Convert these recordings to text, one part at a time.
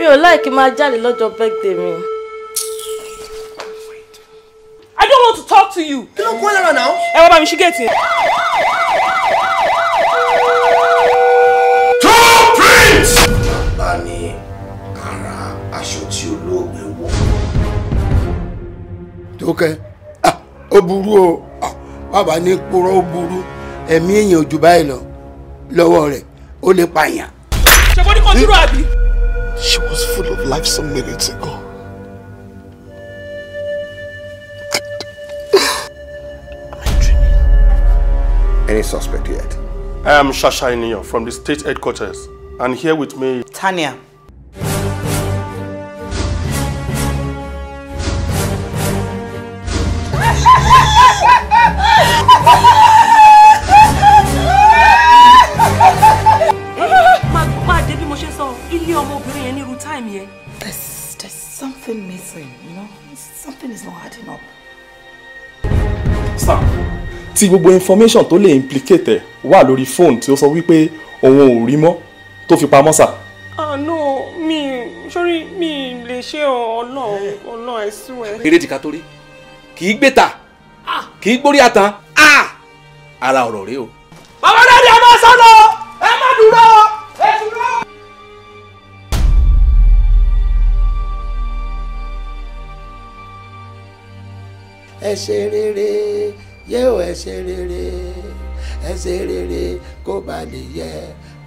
mi ò láìkí máa jáde lọ́jọ́ birthday mi. I don't want to talk to you. kí ló kó lára náà. ẹ wá bá mi ṣí gẹ̀ẹ́tì. two prince. bàbá ni ara aṣọ tí olóògbé wọ. tókẹ́ ah, ó burú o ah, bàbá ní kúrò ó burú ẹ̀mí èèyàn ò jù báyìí lọ lọ́wọ́ rẹ̀ ó lè pààyàn. ṣe kò ní kò dúró àbí. She was full of life some minutes ago. Am I dreaming? Any suspect yet? I am Shasha Iniyo from the state headquarters. And here with me... Tanya. Ha ha ha! time here. There's, there's something missing, you know? Something is not adding up. Sir, tí gbogbo information tó lè implicate ẹ̀ wà lórí fóònù tí ó sọ wípé òun ò rí mọ́ tó fi pamọ́ sà. Ah no, mi sorry, mi lè ṣe ọlọ́run eh. ọlọ́run ẹ̀sùn ẹ̀. Eré tìka tó rí, kì í gbé ta, ah. kì í gbórí àtàn, ah! ara ọ̀rọ̀ rèé o. Bàbá Dádì ẹ máa sọ́nà, ẹ má dúró o. ẹ ṣe rere yé o ẹ ṣe rere ẹ ṣe rere kó ba lè yẹ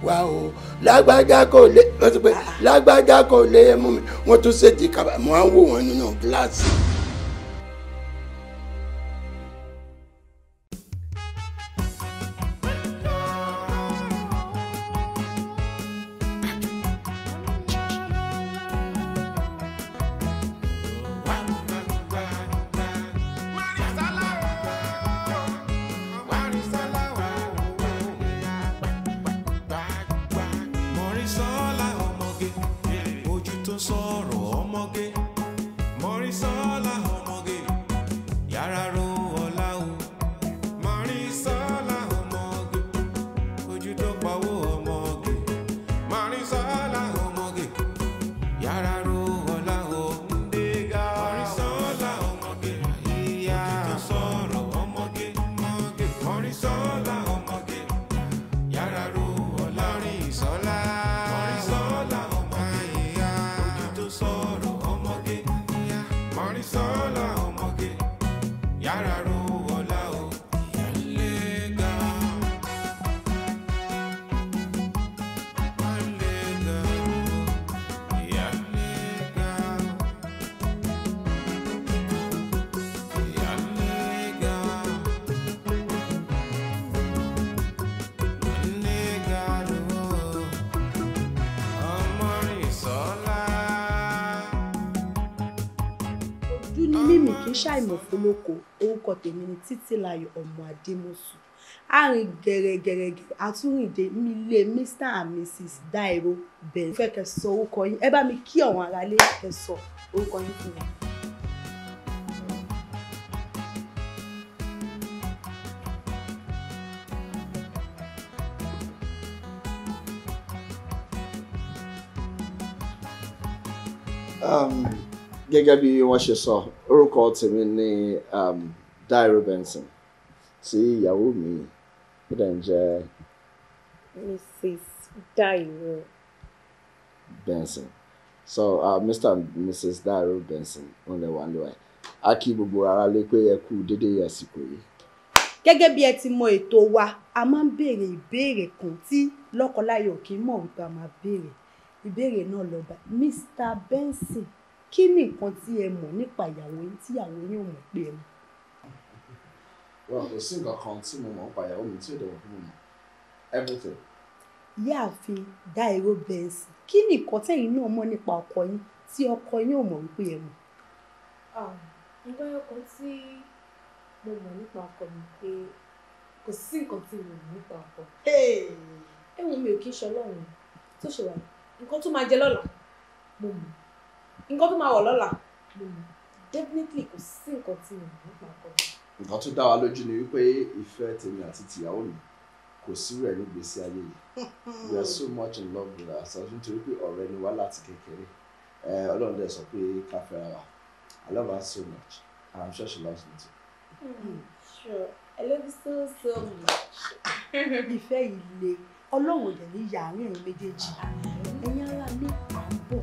wá o lágbájá kò lè wọ́n ti pé lágbájá kò lè mú mi wọ́n tún ṣèjì kaba mo á wò wọ́n nínú gíláàsì. amoko orúkọ tèmi ni títílayọ̀ ọmọ adémọ̀sù àrìn gẹ̀rẹ́gẹ̀rẹ́gẹ̀ àtúrìndé mi mr and mrs dairo bẹ̀rù fẹ́ kẹ́ sọ orúkọ yín ẹ bá mi kí àwọn aráalé kẹ́ sọ orúkọ yín fún wa. um, gẹ́gẹ́ bí wọ́n ṣe sọ orúkọ tèmi ni um, Dairo Benson tí ìyàwó mi ó dẹ̀ ń jẹ́. Mrs. Dairo Benson so uh, Mr. and Mrs. Dairo Benson wọ́n lè wà níwáyé a kí gbogbo ara lé pé ẹ kú dédé àsìkò yìí. gẹ́gẹ́ bí ẹ ti mọ ètò wa a máa ń béèrè ìbéèrè kan tí lọ́kọláya ò kì í mọ̀ wípé a máa béèrè ìbéèrè náà lọ́ba Mr. Benson kí ni nǹkan tí ẹ mọ̀ nípa ìyàwó yín tí ìyàwó yín ò mọ̀ pé ẹ mọ̀. well kò sí nǹkan kan tí mo mọ̀ nípa ìyàwó mi tí ò dẹ̀wọ̀ fún mi mọ̀ everything. ìyáàfin Dairo Benz kí ni nǹkan tẹ́yìn náà mọ̀ nípa ọkọ yín tí ọkọ yín ò mọ̀ wípé ẹ mọ̀. Ah, nǹkan ọkọ tí mo mọ̀ nípa ọkọ mi pé kò sí nǹkan tí mo mọ̀ nípa ọkọ. ẹ̀wọ̀n mi ò kí ń ṣọlọ́run tó ṣe wà nǹkan tó máa jẹ lọ́la mo mọ̀ nǹkan tó máa wọ̀ lọ́la definitely kò sí nǹkan tí mo mọ̀ nípa ọkọ mi. nǹkan tó dá wa lójú ni wípé ìfẹ́ tèmi àti tìyàwó mi kò sí rẹ̀ ní ìgbésí ayé yìí we are so much in love with ourselves nítorí pé ọ̀rẹ́ ni wá láti kékeré ọlọ́run dẹ̀ sọ pé ká fẹ́ra wa I love her so much and I'm sure she loves me too. Mm, sure I love you so so much. ìfẹ́ yìí le ọlọ́run ò dẹ̀ ní yàrá ẹ̀yìn méjèèjì ẹ̀yin ara mi à ń bọ̀.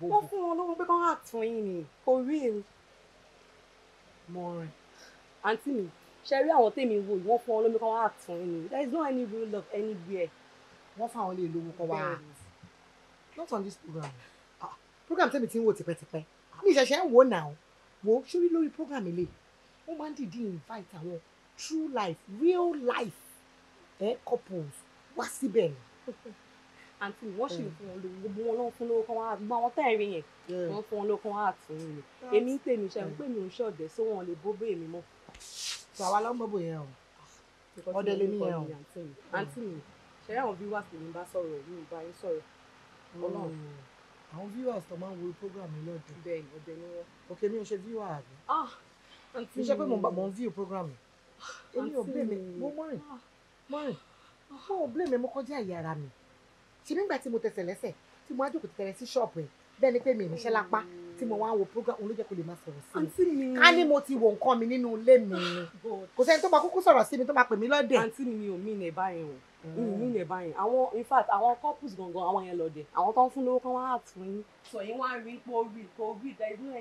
wọ́n fún wọn lówó pé kán act fún yín ni kò rí èrò. mo rìn àǹtí mi ṣe rí àwọn tèmi wò yìí wọ́n fún wọn lómi kán act fún yín ni there is no any rule of anywhere. wọ́n fún àwọn ilé ìlú kan wá not on this program ah program tèmi ti ń wò tipẹ́tipẹ́ mi ìṣẹ̀ṣẹ̀ ń wò náà wò sórí lórí program ilé wọ́n máa ń dìídì invite àwọn true life real life eh, couples wá síbẹ̀ ni. àǹtí mi wọ́n sì ń mm. fún wọn lówó gbogbo wọn ló ń fún lówó kan wá gbọ́n àwọn tẹ́ẹ̀rí yẹn mm. wọ́n fún wọn lówó kan wá tún un lò èmi ń pè mí iṣẹ́ ń mm. pè mí ń ṣọ̀dẹ̀ sí wọn lè bóbó èmi mọ́. bàbá ló ń bọ̀bọ̀ yẹn o ọdẹ lè ní yẹn o àǹtí mi ṣẹ́yà àwọn viewers mi bá sọ̀rọ̀ mi bá yín sọ̀rọ̀ ọlọ́run àwọn viewers tó máa ń wo program mi lọ́dọ̀ bẹ́ẹ̀ ah, mo ń view ah, blame mi ah. mo kọjá ìyára mi ṣe nígbà tí mo tẹsẹ̀ lẹ́sẹ̀ tí mo wá jókòó tẹ̀rẹ̀ sí ṣọ́ọ̀bù ẹ̀ bẹ́ẹ̀ ni pé mi níṣẹ́ lápá tí mo wá ń wo program òun ló jẹ́ kó lè máa sọ̀rọ̀ sí mi. àǹtí mi ká ní mo ti wo nǹkan mi nínú ilé mi kò sẹ́ni tó máa kúkú sọ̀rọ̀ sí mi tó máa pè mí lọ́dẹ̀. àǹtí mi mi ò mí ìnẹ̀ báyìí o ìlú mm. ní ẹ̀bá yẹn àwọn in fact àwọn couples gangan àwọn yẹn lọ dẹ̀ àwọn tó ń fún lówó kan wá àtún yín. sọ yín wá rí pé ó rí pé ó rí there is no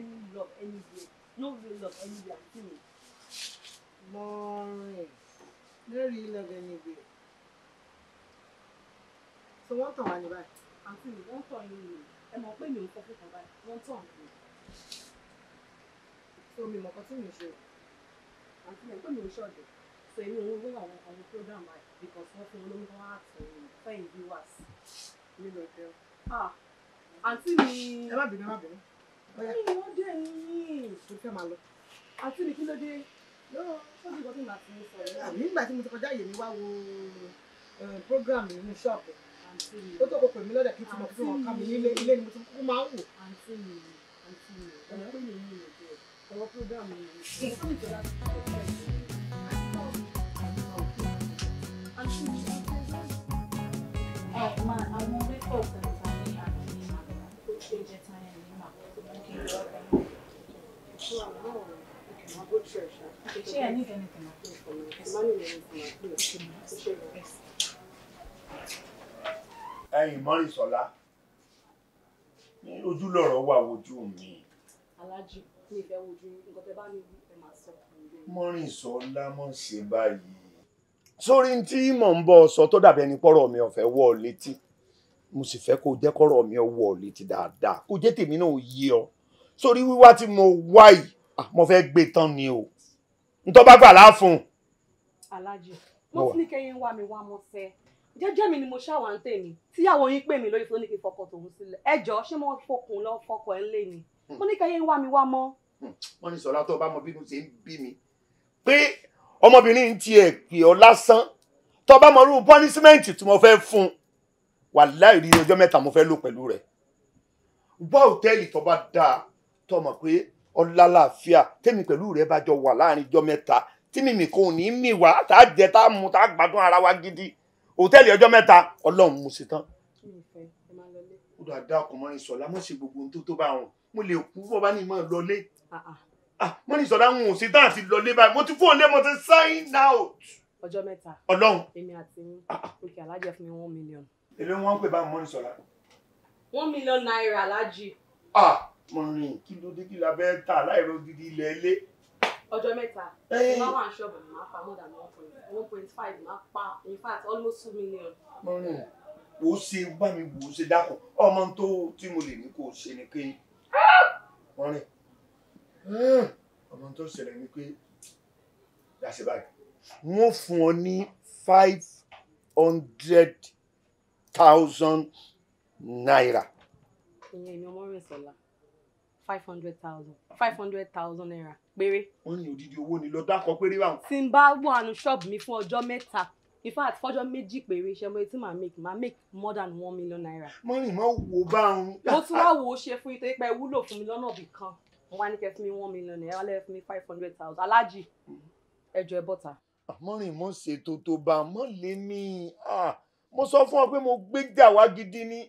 any love anywhere no real love anywhere fún mi. mọ́ọ̀rẹ́ no real love anywhere so wọ́n tàn wá ní báyìí. àǹtí wọ́n tàn yín ni ẹ mọ̀ pé mi ò fọkàn kan báyìí wọ́n tàn mí. so mi mọ̀ kan tí mi ṣe àǹtí mi pé mi ò ṣọ̀dẹ̀ so èmi òun ló wà wọn àwọn program báyìí because wọ́n fún olóyún wọn àti fẹ́yìn viewers nínú ẹ̀kẹ́. àǹtí mi. ẹ má bínú ẹ má bínú. mi ò dé yín. mo fẹ́ máa lọ. àǹtí mi kí ló dé? lọ́wọ́ fọ́jú ìgbà tí mo ti kọjá yèmí wá wo eh, program yìí ní ṣọ́ọ̀bù ó tó kò pè mí lọ́dẹ̀ kí n ti mọ̀ fún ọ̀ka mi nílé ilé ni mo ti kú máa ń wò. àǹtí mi àǹtí mi ọ̀rọ̀ ẹ̀yin Mọ́rìnsọ́lá ojú lọ̀rọ̀ wà wojú mi. alájí mi ìfẹ́ wojú nǹkan tẹ́ bá ní ẹ máa sọ. Mọ́rìnsọ́lá mọ̀ ṣe báyìí. sórí tí mò ń bọ̀ sọ tó dàbí ẹni pọ́rọ̀ mi ọ̀fẹ́ wọ̀ létí mo sì fẹ́ kó jẹ́ kọ́rọ̀ mi ọwọ́ létí dáadáa kó jẹ́ tèmi náà yé ọ sórí wíwá tí mo wá yìí ah, mo fẹ́ gbé tán ni o ntọ́ bá gbà láàfún. alájí mo ti ní kẹ́yìn wá mi wá mo fẹ́ jẹ́jẹ́ mi ni mo ṣáwà ń tèmi tíyàwó yín pè mí lórí fún oníkì fọkọ tòun sílẹ̀ ẹ jọ ṣé mo fọkùn lọ fọkọ ẹ ńlẹ ni mo hmm. ní kẹyẹ ń wá mi wá mọ́. Hmm. wọ́n ní sọ̀rọ̀ àtọ́ ọba ọmọbìnrin ṣe ń bí mi pé ọmọbìnrin ń tiẹ̀ pè ọ́ lásán tọ́ba mọ irú pọ́nísímẹ́ǹtì tí mo fẹ́ fún un wà láì rí ọjọ́ mẹ́ta mo fẹ́ lò pẹ̀lú rẹ̀ gbọ́ òtẹ́ẹ̀lì tọ́ba dáa tọmọ pé ọlá làáfíà tèmi pẹ̀lú rẹ̀ bá jọ wà láàrin ọjọ́ mẹ́ta tí mímì kò ní mì wá tá a jẹ tá a mu tá a gbádùn ara wa gidi hòtẹ́ẹ̀lì ọjọ́ mẹ́ta ọlọ́run mo ṣe tán. ó dà dá ọkùnrin sọ̀lá mo ṣe gbogbo ohun tó tó bá wọn mo lè kú bọ́ bá ní ìmọ̀ lọlé ah, ah. ah, mo ní sọ̀dá ń ṣe tán àti lọlé báyìí mo ti fún òǹdé mo ti sign out. ọjọ́ mẹ́ta ọlọ́run èmi àti òkè alájẹ fún mi one million. èlé wọn pè bá mo ní sọ̀lá. one million naira alájì. ah mo rìn kí ló dé kí la fẹ́ tà láìro gidi ọjọ́ mẹ́ta ní máa wà ní ṣọ́ọ̀bù ní pa more than one point one point five máa pa in fact almost two million. mọ́rin o ṣe bá mi wò ó ṣe dákọ̀ ọmọ tó tí mo lè ní kó o ṣe ni pé mọ́rin hmm. ọmọ tó ṣẹlẹ̀ ni pé yàṣẹ báyìí. wọ́n fún ọ ní five hundred thousand naira. ìyẹn ni ọmọ rẹ̀ sọ̀la five hundred thousand five hundred thousand naira péré. wọ́n ní odidi owó ni lọ dákọ péré báwọn. tí n bá wọ àánú ṣọ́ọ̀bù mi fún ọjọ́ mẹ́ta in fact fọjọ́ méjì péré iṣẹ́ mo ti máa make máa make more than one million naira. mo rìn mọ́ wo bá ń. mo tún wá wo ṣe fún yín torí pé wúlò fún mi lọ́nà bì kan mo wá ní kẹ́ fún mi one million naira lẹ́yìn fún mi five hundred thousand alájì ẹjọ́ ẹ bọ́ta. mo rìn mo ṣètò tó bá mo lé mi ah, mo sọ fún ọ pé mo gbéjà wá gidi ah, ní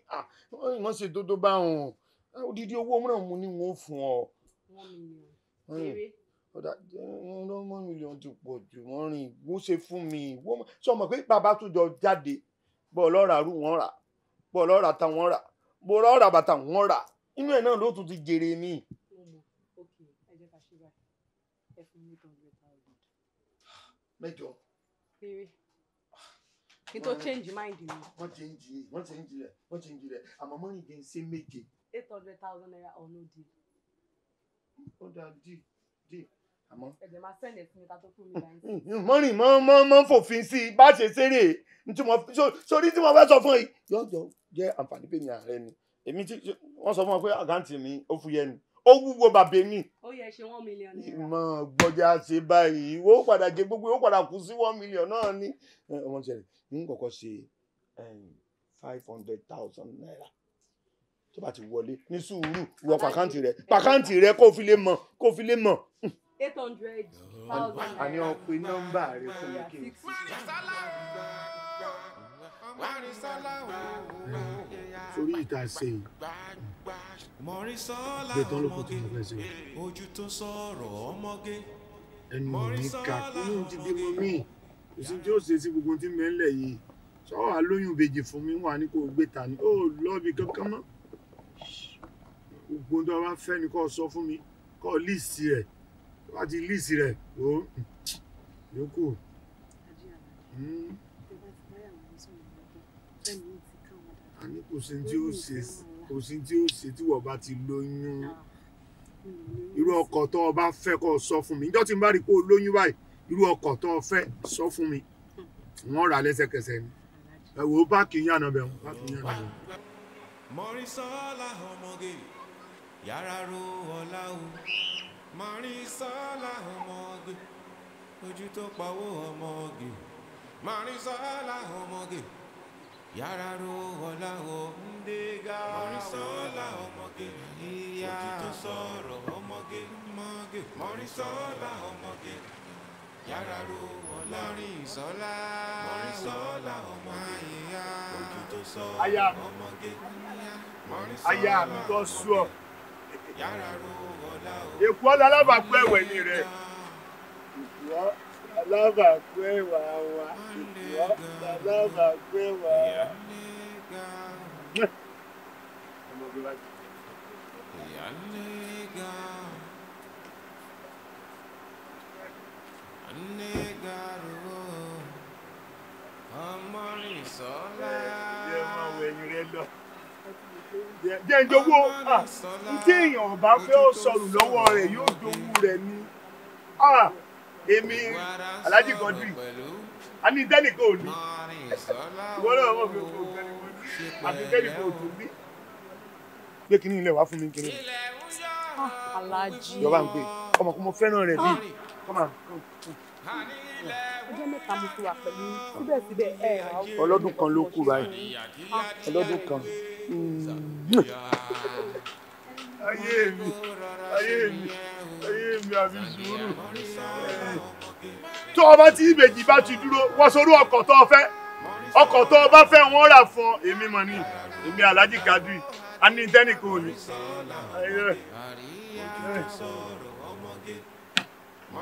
mo ṣètò tó bá òun. Eh, odidi owó mìíràn mo ní wọn fún ọ. Hmm. Eh, ọ̀dà one million ti pọ̀ jù wọ́n rìn wọ́n ṣe fún mi ṣé o mọ̀ pé bàbá tó jọ jáde bọ́ ọlọ́ra rú wọn rà bọ́ ọlọ́ra ta wọn rà bọ́ ọlọ́ra bàtà wọn rà inú ẹ̀ náà ló tún ti jèrè mi. mẹ́jọ. péré kí n tó change mind mi. wọ́n change rẹ̀ wọ́n change rẹ̀ àmọ́ mọ́rin jẹ́ ń ṣe méje eight hundred thousand naira or no deal. ó dáa díì díì àmọ́. ẹ̀jẹ̀ máa sẹ́ndì ẹ̀sìn mi ká tó fún mi láyé. mọ́rin mọ́ mọ́ mọ́ fòfin sí i bá ṣe ṣeré sórí tí mo fẹ́ sọ fún yìí. yọjọ jẹ àǹfààní pé mi ààrẹ ni èmi tí wọ́n sọ fún ọ pé àkáǹtì mi ó fúyẹ́ ni ó wúwo bàbá mi. ó yẹ ṣe one million naira. ìmọ̀ gbọ́jà ṣe báyìí ó padà jẹ gbogbo ó padà kú sí one million náà ni. ọmọ ṣẹlẹ̀ ń kọ́kọ́ ṣe five hundred thousand naira tó bá ti wọlé ní sùúrù wọ pàkáǹtì rẹ pàkáǹtì rẹ kó fi lè mọ̀ kó fi lè mọ̀. eight hundred thousand. àní ọ̀pẹ nọ́mbà rẹ fún mi kí n. sórí ìta ṣe yìí gbẹtọ ló kọ tó mo fẹ́ ṣe. ojú tó ẹnu mi kà inú ti di mo mí òsì tí ó ṣe sí gbogbo tí mẹ́lẹ̀ yìí sọ́wọ́ àlóyún ìbejì fún mi wà ní kò gbé ta ni ó lọ́ọ́ bí kankan mọ́ ogun tó bá fẹ́ ni kó sọ fún mi kó líìsì rẹ̀ tó bá ti líìsì rẹ̀ ó yókù. àní hmm. kò sí tí ó ṣe kò sí tí ó ṣe tí wọ́n bá ti lóyún irú ọkọ tó o bá fẹ́ kó sọ fún mi níjọ́ tí bá rí i pé o lóyún báyìí irú ọkọ tó o fẹ́ sọ fún mi wọ́n rà lẹ́sẹ̀kẹsẹ̀ ni ẹ wò ó bá kì í yànnà bẹ̀ bá kì í yànnà bẹ̀ Mọ́rìnsọ́lá ọmọge yàrá ro ọ̀la o Mọ́rìnsọ́lá ọmọge ojú tó pawó ọmọge Mọ́rìnsọ́lá ọmọge yàrá ro ọ̀la o ndéga Mọ́rìnsọ́lá ọmọge ojú tó sọ̀rọ̀ ọmọge ọmọge Mọ́rìnsọ́lá ọmọge yàrá ro ọ̀la Mọ́rìnsọ́lá ọmọge Mọ́rìnsọ́lá ọmọge aya mi aya mi tó sú ọ èkó lalábàápẹ́ ẹ̀wẹ̀ ni rẹ èkó lalábàápẹ́ ẹ̀wà wa èkó lalábàápẹ́ ẹ̀wà wa. Nigga. Ọmọrìnsọ́lá. Ẹ máa wọ ẹyin rẹ lọ. Jẹ́ ìjọwọ́ ah, tí èèyàn ọba fẹ́ ó sọnù lọ́wọ́ rẹ̀ yóò dowó rẹ̀ ni. Ah, èmi Alhaji Quadri, a ní dẹ́nìkan ò Ìwọ náà wọ́n fi kó dẹ́nìkan ní. Àti dẹ́nìkan ò tún ní. Gbé kínní ilẹ̀ wá fún mi kínní. Ah, Alhaji. Ìjọba gbé ọmọ kò fẹ́ràn rẹ̀ bíi. Come on. Come on ọjọ́ mẹ́ta mo ti wà pẹ̀lú síbẹ̀síbẹ̀ ẹ̀ rà ó. ọlọ́dún kan ló kù báyìí ọlọ́dún kan. ayé mi ayé mi ayé mi àbí sùúrù. tó o bá tí ìbejì bá ti dúró wọ́n sọ orú ọkọ̀ tó o fẹ́ ọkọ̀ tó o bá fẹ́ wọ́n rà fún ọ èmi mọ̀ ní èmi Alhaji Kadri a ní tẹ́nìkan ò ní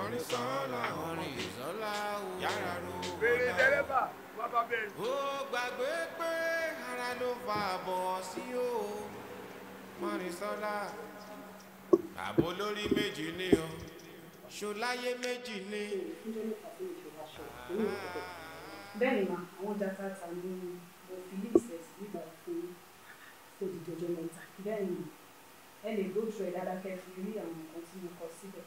orin sọ́la orin ìsọ́la o yàrá ló wọ́n náà. bèrè dẹ́rẹ́bà bàbá bẹ́ẹ̀. ó gbàgbé pé ara ló fa àbọ̀ sí o mọ́rin sọ́la àbò lórí méjì ni o ṣọláyé méjì ni. bẹ́ẹ̀ ni màá àwọn dátà ta ni mo fi ní ìṣẹ̀sì nígbà fún odidi ọjọ́ mẹ́ta bẹ́ẹ̀ ẹ lè lóòtú ẹ̀ dáadáa kẹ́ fi rí àwọn nǹkan tí mo kọ síbẹ̀.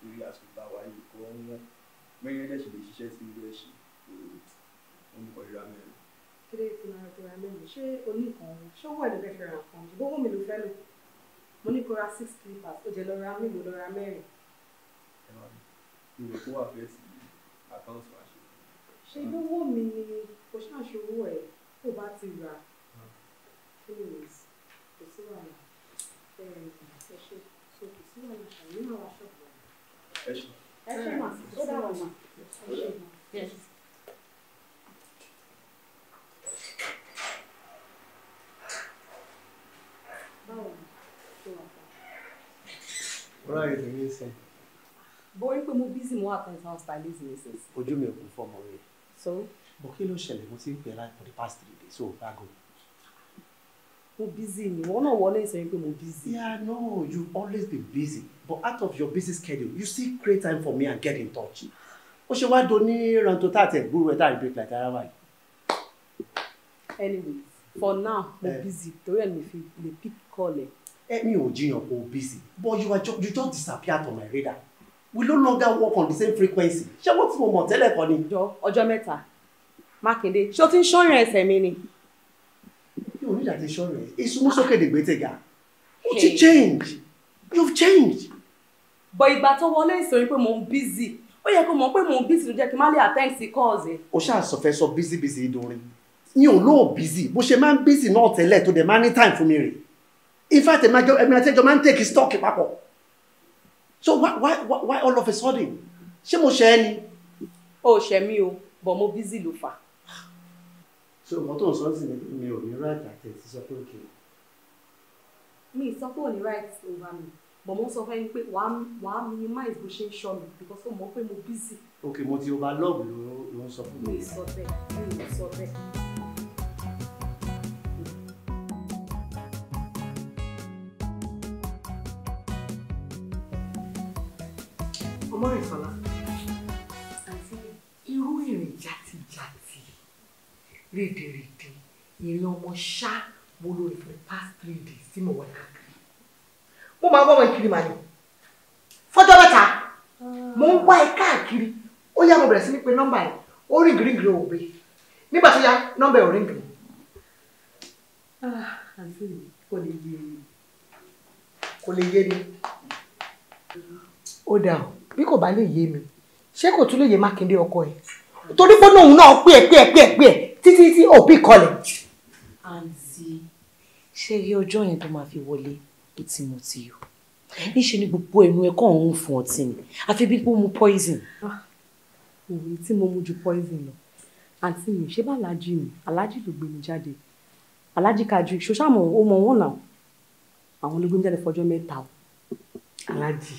torí àsìkò àwa yìí kọ́ wọn mẹ́rin ẹ̀dẹ̀ sì lè ṣiṣẹ́ sí ilé ẹ̀ṣin olùkọ́ ìra mẹ́rin. kílé tí màá fi ra mẹ́rin ṣé oníkan ṣé owó ẹ̀ ló fẹ́ fẹ́ràn kan jù owó mi ló fẹ́ lò mo ní kó ra six clippers ó jẹ lọ́ra mélòó lọ́ra mẹ́rin. ẹ máa ní ìwé tó wà fẹ́ sí àkáǹtì wa ṣe. ṣé lówó mi ni kò ṣàṣe owó ẹ̀ tó bá ti rà anyways kò sí wàhálà ẹ ẹ ṣe so kò sí wàhálà àyè máa wá ṣọ́ọ̀bù ẹ ṣe mà ó dára mà ẹ ṣe mà. báwo ni ṣe wà pa. wọ́n ráyè tèmi pé mo bísí mo wà pẹ̀lú àwọn stylist mi ojú mi ò kún fọmọ rẹ. so. bọ̀ kí ló ṣẹlẹ̀ mo ti ń pè é láì for the past three days so ò bá mo busy ni wọn náà wọlé ìsọyìn pé mo busy. yeah no you always be busy but out of your busy schedule you still create time for me and get in touch. ó ṣe wáá do ní ranto tá àti ẹ̀gbúrú ẹ̀ tá àrí break like ara wa yìí. anyway for now mo eh. busy torí ẹ̀ mi fi lè pick call ẹ̀. ẹ eh, mi ò jiyàn kó o busy but you, are just, you just disappear from my radar we no longer work on the same frequency ṣé wọ́n ti mo mọ̀ tẹ́lẹ̀ kan ni. ọjọ́ mẹ́ta Mákindé ṣé o ti ń ṣọ́yàn ẹsẹ̀ mi ni no need àti sọ̀rọ̀ ẹ̀ èso mú sókè dègbè tẹ̀gà ó ti change you have changed. bọ̀ ìgbà tó wọlé ìsòrí pé mò ń busy. ó yẹ kó mọ̀ pé mò ń bízì ló jẹ́ kí n má lè attend sí calls ẹ̀. o ṣáà sọ fẹ́ sọ bízì bízì ìdúnrín mi ò lóò bízì bó ṣe máa ń bízì náà tẹ́lẹ̀ tó dẹ̀ máa ní time fún mi rè in fact ẹ̀mi àtẹ́jọ́ máa ń take stock papọ̀ so why why why all of a sudden ṣé mo ṣe é ni. o ṣe mí o bọ̀ mo bízì ló fà ṣé ọmọ tó ń sọ sí mi ò right àti ẹ̀ ti sọ pé òkè. mi right over mi but mo sọ fún yín pé wàá minimize bó ṣe ń ṣọ mi because ó mọ̀ pé mo busy. ok mo ti love, ló ló ń sọ fún mi. mi ì sọ bẹ́ẹ̀ mi sọ bẹ́ẹ̀. ọmọ rìn sọ rèdèrèdè ìrìn ọmọ ṣá mo lo rẹ̀ for the past three days tí mo wà káàkiri mo máa wá wọn kiri màá ní fọjọ́ mẹ́ta mo ń wá ẹ káàkiri ó yá mo bẹ̀rẹ̀ sí ní pe nọ́mbà ẹ̀ ó ríngìríngìrì ò gbé nígbà tó yá nọ́mbà ẹ̀ ò ríngìrì. Ah, àǹtí mi kò lè yé mi kò lè yé mi ó dà o bí kò bá lè yé mi ṣé kò tún lè yé mákindé ọkọ ẹ torí pé òun náà pé ẹ pé ẹ pé ẹ pé ẹ títí tí òbí kọlẹ̀. àǹtí ṣé rí ọjọ́ yẹn tó máa fi wọlé ó ti mú ti yọ níṣẹ́ ni gbogbo ẹnu ẹ̀kọ́ ọ̀hún fún ọtí ni àfi bí mo mu poison. Ah, òwe tí mo mu ju poison lọ àǹtí mi ṣé bá aláàjì mi aláàjì ló gbé mi jáde aláàjì kájú ṣoṣàmọ̀ ó mọ wọn náà àwọn ló gbé mi jáde fọjọ́ mẹ́ta o aláàjì.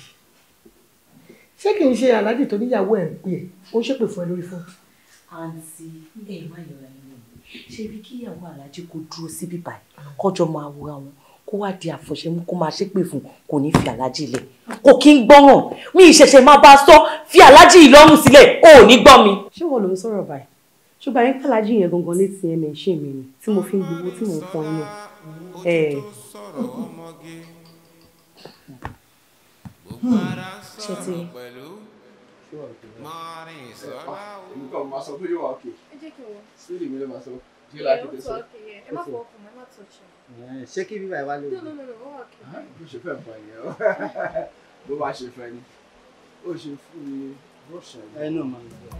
ṣé kì í ṣe aláàjì tó níyàwó ẹ̀ ń pè é ó ṣépè fún ẹ lórí fóònù àǹtí ẹ má yọra ẹni ṣe rí kíyàwó aláàjì kó dúró síbí báyìí mm. kọjọ máa wúra wọn kó wá di àfọ̀ṣẹ́mú kó máa ṣépè fún kò ní fi aláàjì lẹ̀ kò kí ń gbọ́ràn mi ìṣẹ̀ṣẹ̀ máa bá a sọ fi aláàjì ìlọ́rùn sílẹ̀ o ò ní gbọ́ mi. ṣé wọn ló ń sọ̀rọ̀ báyìí ṣùgbọ́n àyín pàlájì yẹn gangan létí ẹ̀mẹ̀ ṣe mi ni tí mo fi ń gbowó tí mo ń pọn iná. ṣe ti Mari eh, sọ́lá ah, o. Nǹkan máa sọ pé yóò wá òkè. Ẹ jẹ́ kí n wọ. Sílì mi ló máa sọ. Ṣé láti tẹ̀ sọ? Ẹ má fọ ọkùnrin, ẹ má tọ̀ ṣe. Ṣé kí bíbá ìwà lè wù? Bó ṣe fẹ́ fọ ìyẹn o. Bó bá ṣe fẹ́ ni. Ó ṣe fún mi bọ́ọ̀ṣì ẹ̀. Ẹ náà máa ń lọ.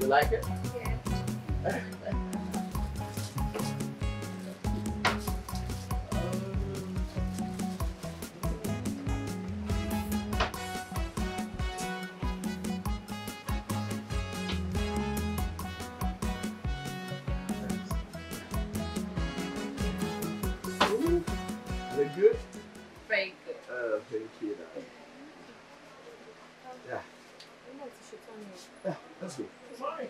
You like it? Yeah. fake. Fake. Uh, fake that. Yeah. Yeah, let's go. Sorry.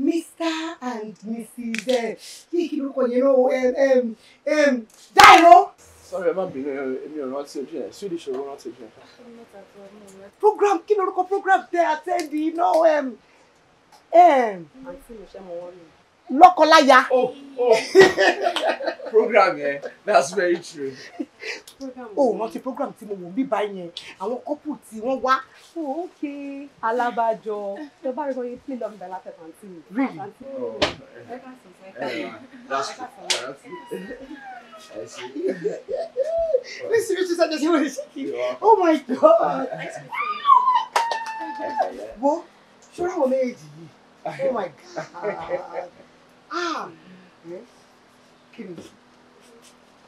Mr. and Mrs. Uh, eh, kí ló kọ yẹn náà? Dairo sorry ẹ má bínú èmi ò rántí ojú yẹn swedish owó rántí ojú yẹn. program kí lorúkọ program tẹ àtẹ́ndì iná lọ́kọláya. Oh, oh. program yẹn that's very true. Oh, o rántí program tí mo wò ń bíbá yẹn àwọn kọ́pù tí wọ́n wá. ok alábàjọ tó bá rí oye play love bella pepper and tea. really. Oh, yeah. that's true. Listen, Mr. Sanders, he was shaking. Oh my God. Wo, ṣé ọ̀rọ̀ méjì Oh my God. Ah, kí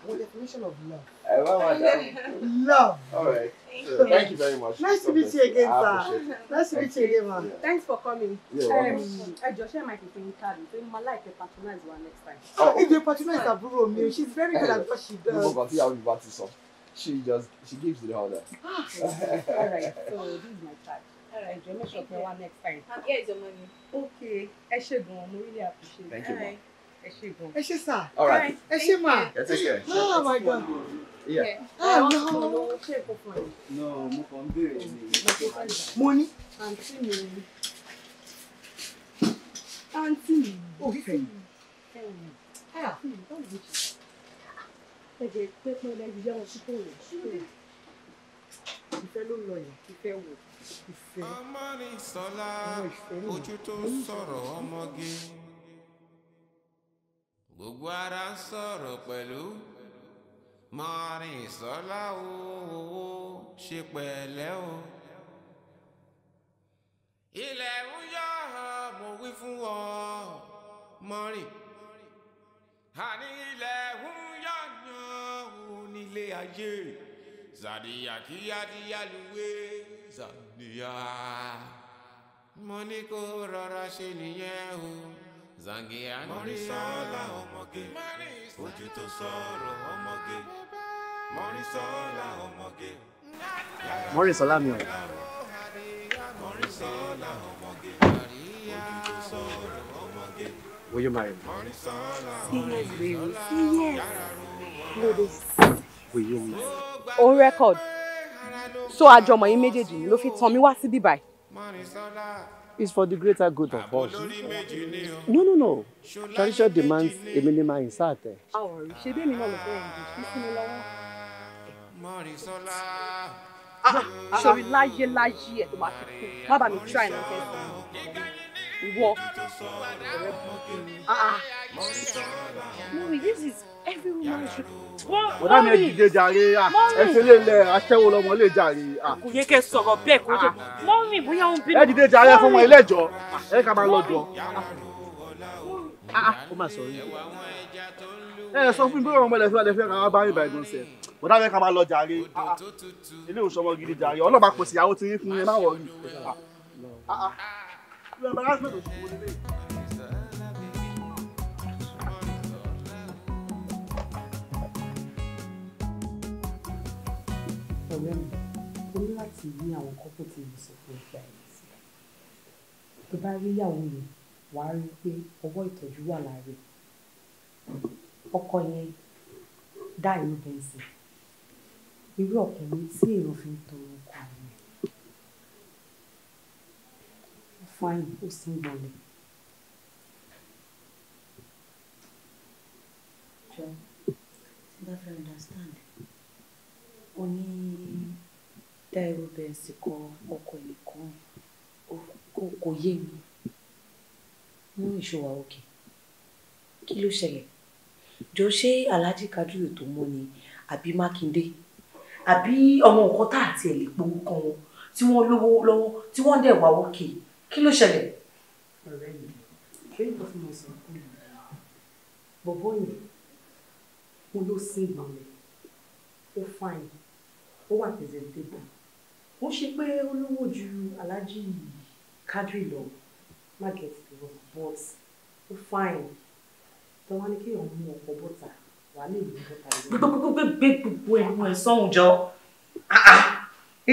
What definition of love? I want love. Love. All right. Yeah, thank you very much. Nice to meet you again, sir. Nice to meet you again, ma. Thanks for coming. Yeah, I, jọ ṣe my pikin card pé mo máa like patronize wa next time. Oh, if they patronize àbúrò mi, mm. she's very good at what she does. Gbogbo àti àwọn ìbá ti sọ, she just she gives you the order. Ah, all right, so this is my card. Alright, right, make sure pé wa next time. Um, here is your money. Okay, ẹ ṣe gan really appreciate it. Thank you, ma. Ẹ ṣe sir. Alright. right. Ẹ ma. Ẹ ṣe kẹ. Oh my God. Yeah. Oh, no. No, mo no. ń béèrè ni. Oh, ah. Mo ní. Àǹtí No, Àǹtí mi. O kì í fẹ̀yìn. Ẹ̀jẹ̀ pépé lẹ́yìn yá wọn sípò rẹ̀. Ìfẹ́ ló lọ yẹn, ìfẹ́ wò. Ìfẹ́. Ọmọrìnsọ́lá ojú tó sọ̀rọ̀ ọmọge. Gbogbo ara ń sọ̀rọ̀ pẹ̀lú. Mọ́rìnsọ́lá o ṣe pẹ̀lẹ́ o. ilẹ̀ ń yọ mo wí fún ọ mọ́rìn. àní ilẹ̀ ń yọ̀yàn onílé ayé zàdíyà kíyádíyá lùwé zàdíyà. mo ní kó rọra ṣe nìyẹn o. Zangiani. Mọ́rísọ́lá ọmọge ojú tó sọ̀rọ̀ ọmọge Mọ́rísọ́lá ọmọge. Mọ́rísọ́lá mi ò. Mọ́rísọ́lá ọmọge ojú tó sọ̀rọ̀ ọmọge. Will you marry me? Serious, baby. Serious. No, this. Will you marry me? On record. So àjọmọ̀ yín méjèèjì ni ló fi tàn mí wá síbí báyìí is for the greater good of all. No, no, no. Tradition demands a minimal insert. Ah, ṣe bẹ́ẹ̀ ni wọ́n lọ fẹ́ràn jù sí sínú lọ́wọ́ ìwọ ọ̀rẹ́ ah, bùkún ah. this is every woman should. ọ̀dà mi ẹ dìde jàre ah. ẹ fi lè lẹ aṣẹ́wó lọmọ lè jàre. kò yẹ kẹ́ sọ̀rọ̀ bẹ́ẹ̀ kó tó mọ́mí bóyá ó ń bínú. ẹ dìde jàre fún ọmọ ilé ẹjọ́ ẹ ká máa lọ jọ. ó mà sọ yìí ẹ sọ fún mi bóyá ọmọ ẹlẹfẹ ẹlẹfẹ kan bá yín bàgbọn sẹ bọdá mi kan máa lọ jàre ilé ìwòsàn ọmọ gidi jàre ọlọ́pàá kò sí ìyàwó tí yín fún yín má wọrí embarrassment òṣùwò o ní láti ní àwọn kókó tí mo sọ pé ìgbà yìí sí tó bá rí ìyàwó yẹn wàá rí pé ọwọ́ ìtọ́jú wà láàárẹ̀ ọkọ yẹn dá ìlú bẹ́ẹ̀ sí irú ọkùnrin tí èrò fi ń tọrọ fine ó sì ń wọlé. jọ tí bá fẹ́ understand ó ní dáìrò bẹ́ẹ̀sì kan ọkọ̀ ẹ̀kan kò yé mi mú ìṣòwò òkè kí ló ṣẹlẹ̀ jọ ṣé Alhaji Kabiru tó mọ ni àbí Mákindé àbí ọmọ nǹkan tá àti ẹ̀ lè pọ̀ kan wọn tí wọ́n lówó lọ́wọ́ tí wọ́n dẹ̀ wá òkè kí ló ṣẹlẹ̀. ọ̀rẹ́ mi ṣé nǹkan tí mo sọ fún mi bọ̀bọ̀ yìí mo ló sí ìgbọ̀n mi ó fàìn ó wà pẹ̀sẹ̀ntébù ó ṣe pé ó lówó ju aláàjì kádìrì lọ má gẹ̀ẹ́tì lọ but ó fàìn tọ́wọ́n ní kéèyàn mú ọkọ̀ bọ́tà wàá lè mú bọ́tà lọ. gbogbogbogbogbò ẹ̀hún ẹ̀ sọ́hùn jọ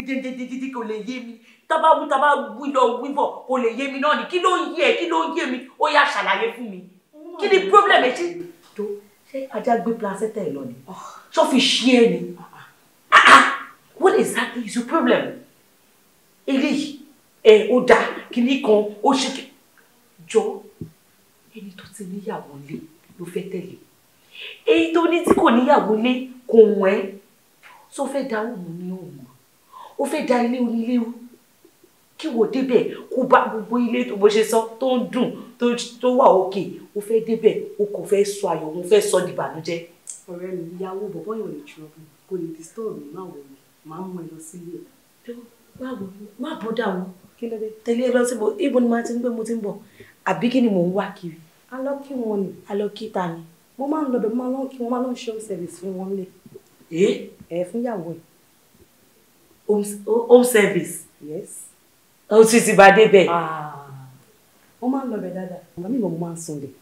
dídídídí ah, ah. kò lè yé mi tábà wú tábà wú lọ wí bọ̀ kò lè yé mi náà ni kí ló ń yé kí ló ń yé mi ó yá ṣàlàyé fún mi kí ni problem ẹ ṣe. tó ṣé ajá gbé placenta ẹ lọ ni ah. ṣó fi ṣí ẹ ni ah, ah. what exactly is your problem eléyìí ẹ ó dáa kíní kan ó ṣe jọ ẹni tó ti níyàwó lé ló fẹ́ tẹ̀lé èyí tó ní tí kò níyàwó lé kò wọ́n ẹ́ tó fẹ́ da òun ní òun ó fẹ́ da ilé onílé rú kí wo débẹ̀ kó bá gbogbo ilé bó ṣe sọ tó ń dùn tó wà òkè ó fẹ́ débẹ̀ ó kò fẹ́ sọ ayọ̀ òun fẹ́ sọ di ìbànújẹ́. ọ̀rẹ́ mi ìyàwó bọ̀bọ́ yẹn ò lè ṣọ́ọ̀bù kò lè disturb mi máa wọ̀ mi máa mú ẹ lọ sílé ẹ̀. báwo má bọ́ dà wọ́n kí ló dé tẹ̀lé ẹ lọ síbo ibo ni màá ti ń gbé mo ti ń bọ̀ àbí kí ni mò ń wá kiri. alọ́kí wọn ni alọ́kí ta ni mo máa ń lọ bẹ̀ mo máa lọ́n kí wọn máa lọ́n ṣe home service fún wọn lé. ẹ ẹ fún ìyàwó ẹ. home service. yes o ti ti bá débẹ̀. wọ́n ah. máa ń lọ bẹ̀ dáadáa ìgbà míì mo máa ń sunlẹ̀.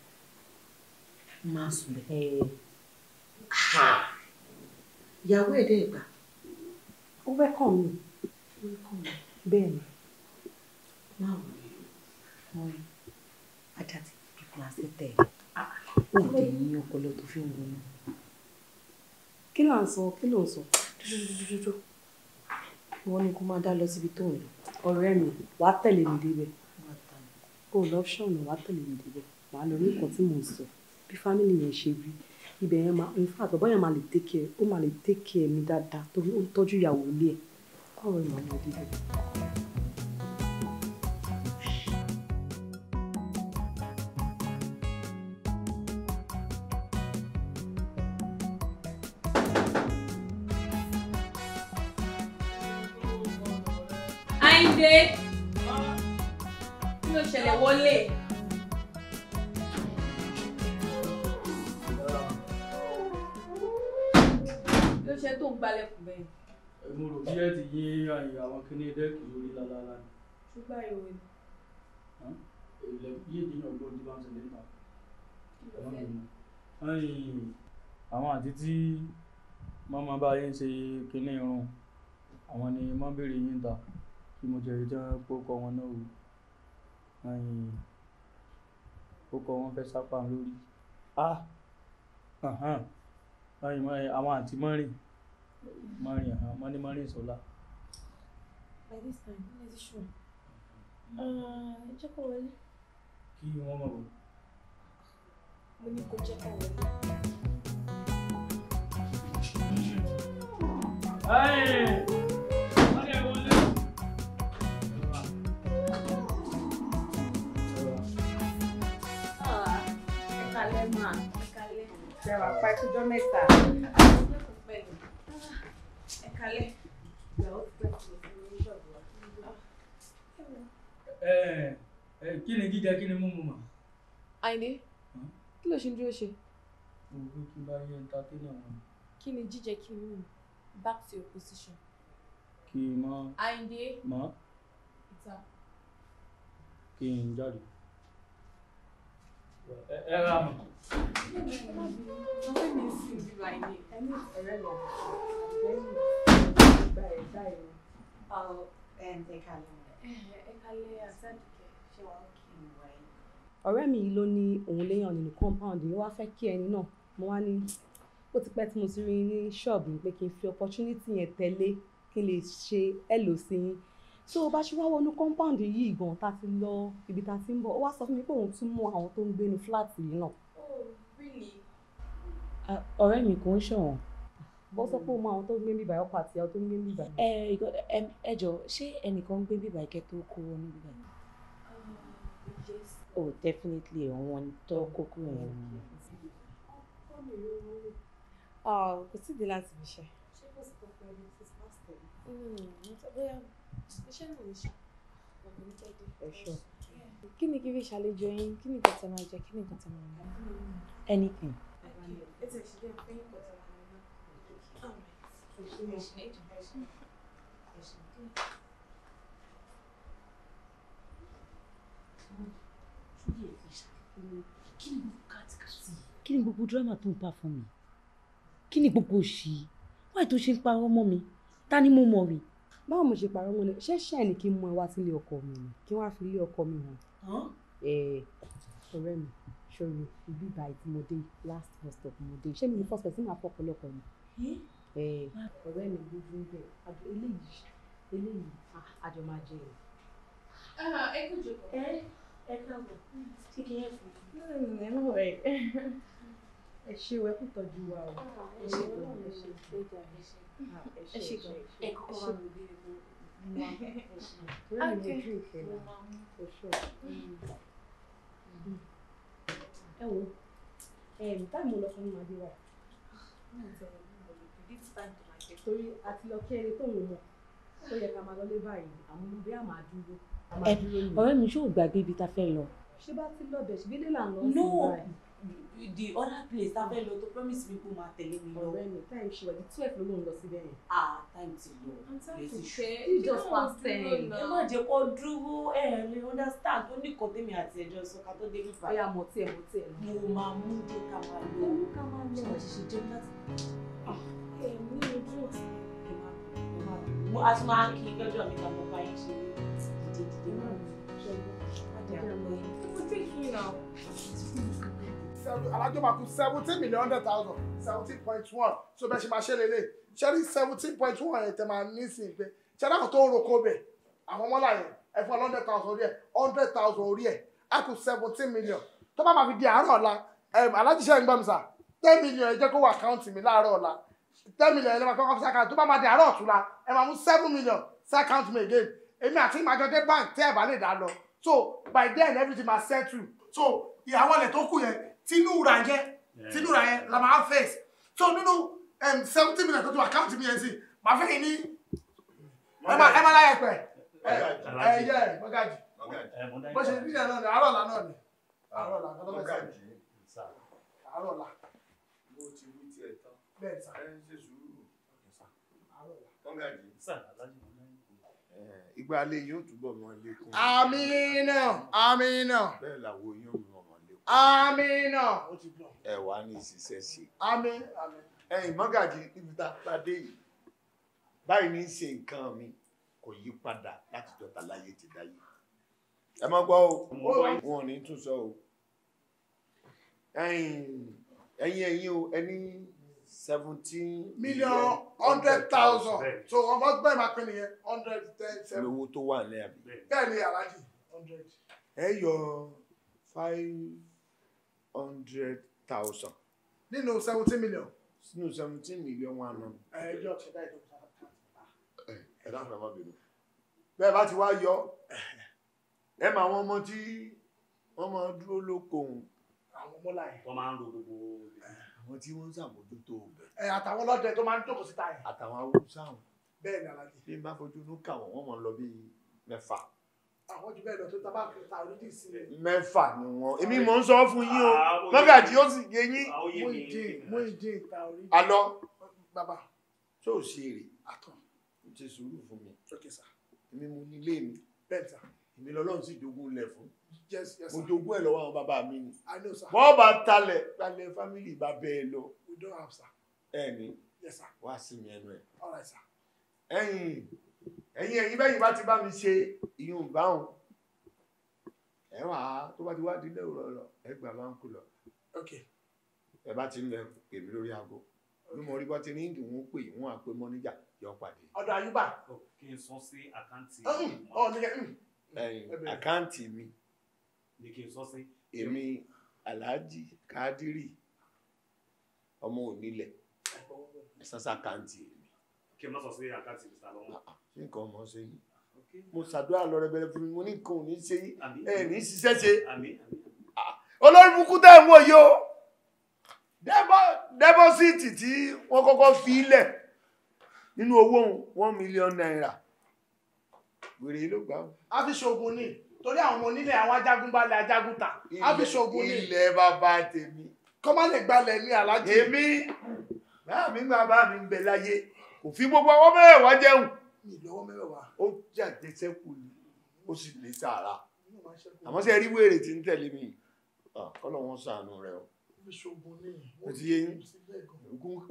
máa ń sunlẹ̀. ìyàwó ẹ̀ dẹ́ ìgbà ó wẹ́kàn mi bẹ́ẹ̀ ni máa wọ̀ ọ́ ajá ti fi kúláṣí tẹ̀ ah. ó dé ní ọpọlọ tó fi ń ronú. kí ló ń sọ kí ló ń sọ dúdúdúdúdú wọ́n ní kó má dá lọ síbi tó ń lọ ọ̀rẹ́ mi wàá tẹ̀lé mi débẹ̀ kó o lọ ṣọ̀nà wàá tẹ̀lé mi débẹ̀ wàá lọ ní nǹkan tí mò ń sọ bí fámìlì yẹn ṣe rí ibẹ̀ yẹn máa in fact bàbá yẹn máa lè take ó máa lè take mi dáadáa torí ó ń tọ́jú ìyàwó ilé ẹ̀ kọ́ ọ̀rọ̀ ìmọ̀ ọmọdé bẹ́ẹ̀. mo rò bí ẹ ti yé àwọn kíní dẹ́kì lórí lálálá. ṣùgbọ́n àyẹ̀wò ni. ilẹ̀ yé ní ọgbọ́n tí wọ́n ti lè ta. àwọn àti tí mọ́mọ́ bá yín ṣe kíní irun àwọn ni mọ́ béèrè yín ta kí mo jẹ̀rì jẹ́ pókọ wọn náà o pókọ wọn fẹ́ sápá lórí. Ah! àwọn àti mọ́rin. mania, ah, Mani Marinha By this time, is it sure? Ah, já vai, Que homem, amor. Muito já colhe. Aê! vai parte isso metade. ẹ kalẹ̀. kí ni jíjẹ kí ni mímu mà. àìní kí ló ṣe ń dúró ṣe. mo gbé kí bá yẹ ẹńtátẹ́nà wọn. kí ni jíjẹ kí ni mímu back to your position. kì í mọ. àìní. mọ. ìta. kí n jáde. ẹ ẹ ra mọ. ọ̀fẹ́ mi sì ń bí wa lẹ́yìn ìgbà ẹ̀ báyìí ẹ̀ kalẹ̀ ẹ̀ kalẹ̀ àṣàdùkẹ́ ṣé wàá kí n wà yìí. ọ̀rẹ́ mi ló ní òun léèyàn nínú compound yìí wá fẹ́ kí ẹni náà mo wá ní ó ti pẹ́ tí mo ti rí ní ṣọ́ọ̀bù pé kí n fi opportunity yẹn tẹ̀lé kí n lè ṣe ẹ lò sí yín tó o bá ṣe wá wọnú compound yìí gan ta ti lọ ibi ta ti ń bọ̀ ó wá sọ fún mi pé òun tún mú àwọn tó ń gbénu fúláàtì yìí náà. Oh, ọ̀rẹ́ mi kò ń ṣọ̀wọ́n ó sọ pé o mọ àwọn tó ń gbé bíbá ọkọ àti àwọn tó ń gbé bíbá. ẹ jọ ṣé ẹnìkan ń gbé bíbá kẹ tó kó wọn ní bíbá yẹn. definitely àwọn tó kó kúrò yẹn ni. kò sídìí láti fi ṣe. Hmm, kí ni kí fi ṣàlejò yín kí ni kò tẹ̀ máa jẹ kí ni kò tẹ̀ máa mú. anything kí ni gbogbo drama tó ń pa fún mi kí ni gbogbo òṣì wáyé tó ṣe ń parọ́ mọ́ mi ta ni mo mọ̀ rí. báwo mo ṣe parọ́ mọ́ ni ṣé ṣáà ni kí n mú ẹ wá sílé ọkọ mi ni kí wọ́n á fi ilé ọkọ mi hàn. ọ̀rẹ́ mi ṣòro ìbí ìbá ìtìmọ̀dé last first of mọ̀dé ṣé mi ni first person máa fọ́ ọ̀pọ̀lọpọ̀ ni ọ̀rẹ́ mi ló dún bẹ́ẹ̀ eléyìí eléyìí àjọ máa jẹ ẹ̀. ẹ kú jòkó. ẹ ẹ káàbọ̀ kí kí ẹ fún un. Hmm, ẹ ẹ ṣe wẹ́ kó tọ́jú wa o. ẹ ṣe gan ẹ ṣe ẹ ṣe gan ẹ ah, kọ́kọ́ wá mi bí ewu. Ọ̀rẹ́ mi ojú ìfẹ́ la for lọ fún mi give time to my kids. torí a ti lọ kí ẹni tó wù wọn tó yẹ ká máa lọ lé báyìí àmọ́ bí a máa dúró a máa mi ṣó gbàgbé ibi tá a fẹ́ lọ. ṣé bá ti lọ bẹ̀ ṣe bílẹ̀ là ń lọ sí báyìí. no the other place tá a fẹ́ lọ tó promise mi kó máa tẹ̀lé mi lọ. ọ̀rẹ́ mi time ṣe wà di twelve ló ń lọ síbẹ̀ yẹn. ah time ti lọ. lẹ́sìn ṣe just pass ten. ẹ má jẹ́ kó dúró ẹ lè understand ó ní kàn àti ẹjọ́ sọ ká tó dé nípa. ọ̀yà mọ̀ tiẹ̀ mọ̀ tiẹ̀ lọ. mo máa mú jẹ́ ká máa lọ. ká máa lọ. ṣé wọ́n ṣe ṣe jẹun láti ẹ̀mí ojú a mi kan mo yín ṣe dìde dìde náà alájọ máa kú seventeen million hundred thousand seventeen point one so bẹ́ẹ̀ ṣe máa ṣe lélẹ̀ ṣẹ́rí seventeen point one ẹ̀ tẹ̀ máa ní sí i pé ṣẹ́rí àkọ́ tó ń roko bẹ̀ àwọn ọmọlá yẹn ẹ fún hundred thousand orí ẹ̀ hundred thousand orí ẹ̀ á kú seventeen million tó bá máa fi di àárọ̀ ọ̀la alájíṣẹ́ ń gbọ́ mi sà ten million ẹ jẹ́ kó wà àkáǹtì mi láàárọ̀ ọ̀la ten million ẹ lè máa kọ́kọ́ fi ṣàkáǹtì tó bá máa di àárọ̀ ọ̀tún la ẹ máa mú seven million ṣàkáǹtì mi again èmi àti ìmàjọ dé bank tẹ́ ẹ̀ bá lè dá lọ so by then everything ma settle. so ìyàwó ẹ̀ tó kù yẹn tinúra yẹn tinúra yẹn la máa face so nínú seventy million tó ti wà káǹtì mi yẹn sí màá fẹ́ yìí ní ẹ máa láyẹ̀ pẹ̀ ẹ ẹ yẹ mọ́gàjì bó ṣe bí ẹ̀ náà ni àárọ̀ là náà ni àárọ̀ là àárọ̀ là bẹ́ẹ̀ sà. yóò túbọ̀ mọ́ lékún. àmínà àmínà. bẹ́ẹ̀ làwo yóò mọ̀ mọ́ lékún. àmínà. ẹ wà ní ìṣiṣẹ́ ṣe. àmín mọ́gàjì níbi tá a pàdé yìí báyìí ní ṣe nǹkan mi kò yí padà láti jọta láyé ti dáyé. ẹ má gbọ́ o wọn ní tún sọ o. ẹ̀yin ẹ̀yin o Ẹni seventeen million hundred thousand so ọmọ gbẹ́ máa pín nìyẹn hundred ten seven. owó tó wà ní àbí. bẹ́ẹ̀ ni aláàjì hundred. ẹ yọ five hundred thousand. nínú seventeen million. nínú seventeen million wọn àná. ẹ yọ ṣẹdá ìjọba. ẹ dáhùn ẹ má bínú. bẹ́ẹ̀ bá ti wá yọ ẹ máa wọn ọmọ tí wọ́n máa dúró lóko àwọn ọmọ láyé. wọ́n máa ń ro gbogbo. àwọn tí wọ́n ń ṣàbójútó àtàwọn ọlọ́dẹ tó máa ń jókòó síta yẹn. àtàwọn awúsá wọn. bẹ́ẹ̀ ni alájí. bí n bá fojú inú kà wọ́n wọ́n mọ̀ ń lọ bíi mẹ́fà. àwọn jù bẹ́ẹ̀ lọ tó tábà ta orídì sílẹ̀. mẹ́fà ni wọ́n èmi mò ń sọ fún yín o ah, mọ́gàjì ó sì gé yín. mú ìdí mú ìdí bàbá. tó o ṣe èrè àtọ̀ o ti sùúrù fún mi. ókè sà. èmi mo ní ilé mi. bẹ́ẹ̀ sà. èmi lọ́lọ́run sì jogún ilẹ̀ fún. mo jogún ẹ̀ lọ́wọ́ àwọn bàbá mi ni. bọ́ọ̀ bá talẹ̀ talẹ̀ fámìlì bá bẹ́ẹ̀ lọ ẹ ní wá sí mi ẹnu ẹ ẹ̀yin ẹ̀yin ẹ̀yin bẹyìn bá ti bá mi ṣe ìyún báwọn ẹ wà á tó bá ti wá dílé òrò lọ ẹ gbà máa ń kú lọ ẹ bá ti ń lẹ pè mí lórí aago bí mo rí bọ́ ti ní ìdùn ún pè wọ́n á pé mọ́níjà yọ pàdé. ọ̀dọ̀ àyùbá. kí n sọ sí àkáǹtì mi. Mm, oh, mm. ẹ̀yin àkáǹtì mi. ni kí n sọ sí. èmi alhaji kadiri ọmọ onílẹ̀ ẹ sásá káǹtì mi. kí n má sọ sí àkáǹtì mi sá lọ́wọ́. ṣé nǹkan ọmọ ṣe yìí mo ṣàdúrà lọ rẹbẹrẹ fún mi mo ní nǹkan ò ní ṣe yìí ẹ ní ṣiṣẹ́ ṣe ah, olórí burúkú tẹ̀ ń wò yìí o dẹ́bọ́sìtì tí wọ́n kọ́kọ́ fi ilẹ̀ nínú owó one million naira wèrè ló gbà ó. a fi ṣoògùn ni torí àwọn onílẹ̀ àwọn ajagunbalẹ̀ ajagunta a fi ṣoògùn ni. ilẹ̀ bàbá tèmi. kọ́ má lè gbalẹ̀ ní alájẹ. èmi báà ah, mi gbà báà mi ń bẹ láyé kò fi gbogbo ọwọ́ mẹ́wàá jẹun ìlọ́wọ́ mẹ́wàá ó jáde sẹ́kù ni ó sì lè sàárà àmọ́ sí ẹrí wèrè tí ń tẹ̀lé mi ah, kọ́lọ̀ wọn sàánú rẹ o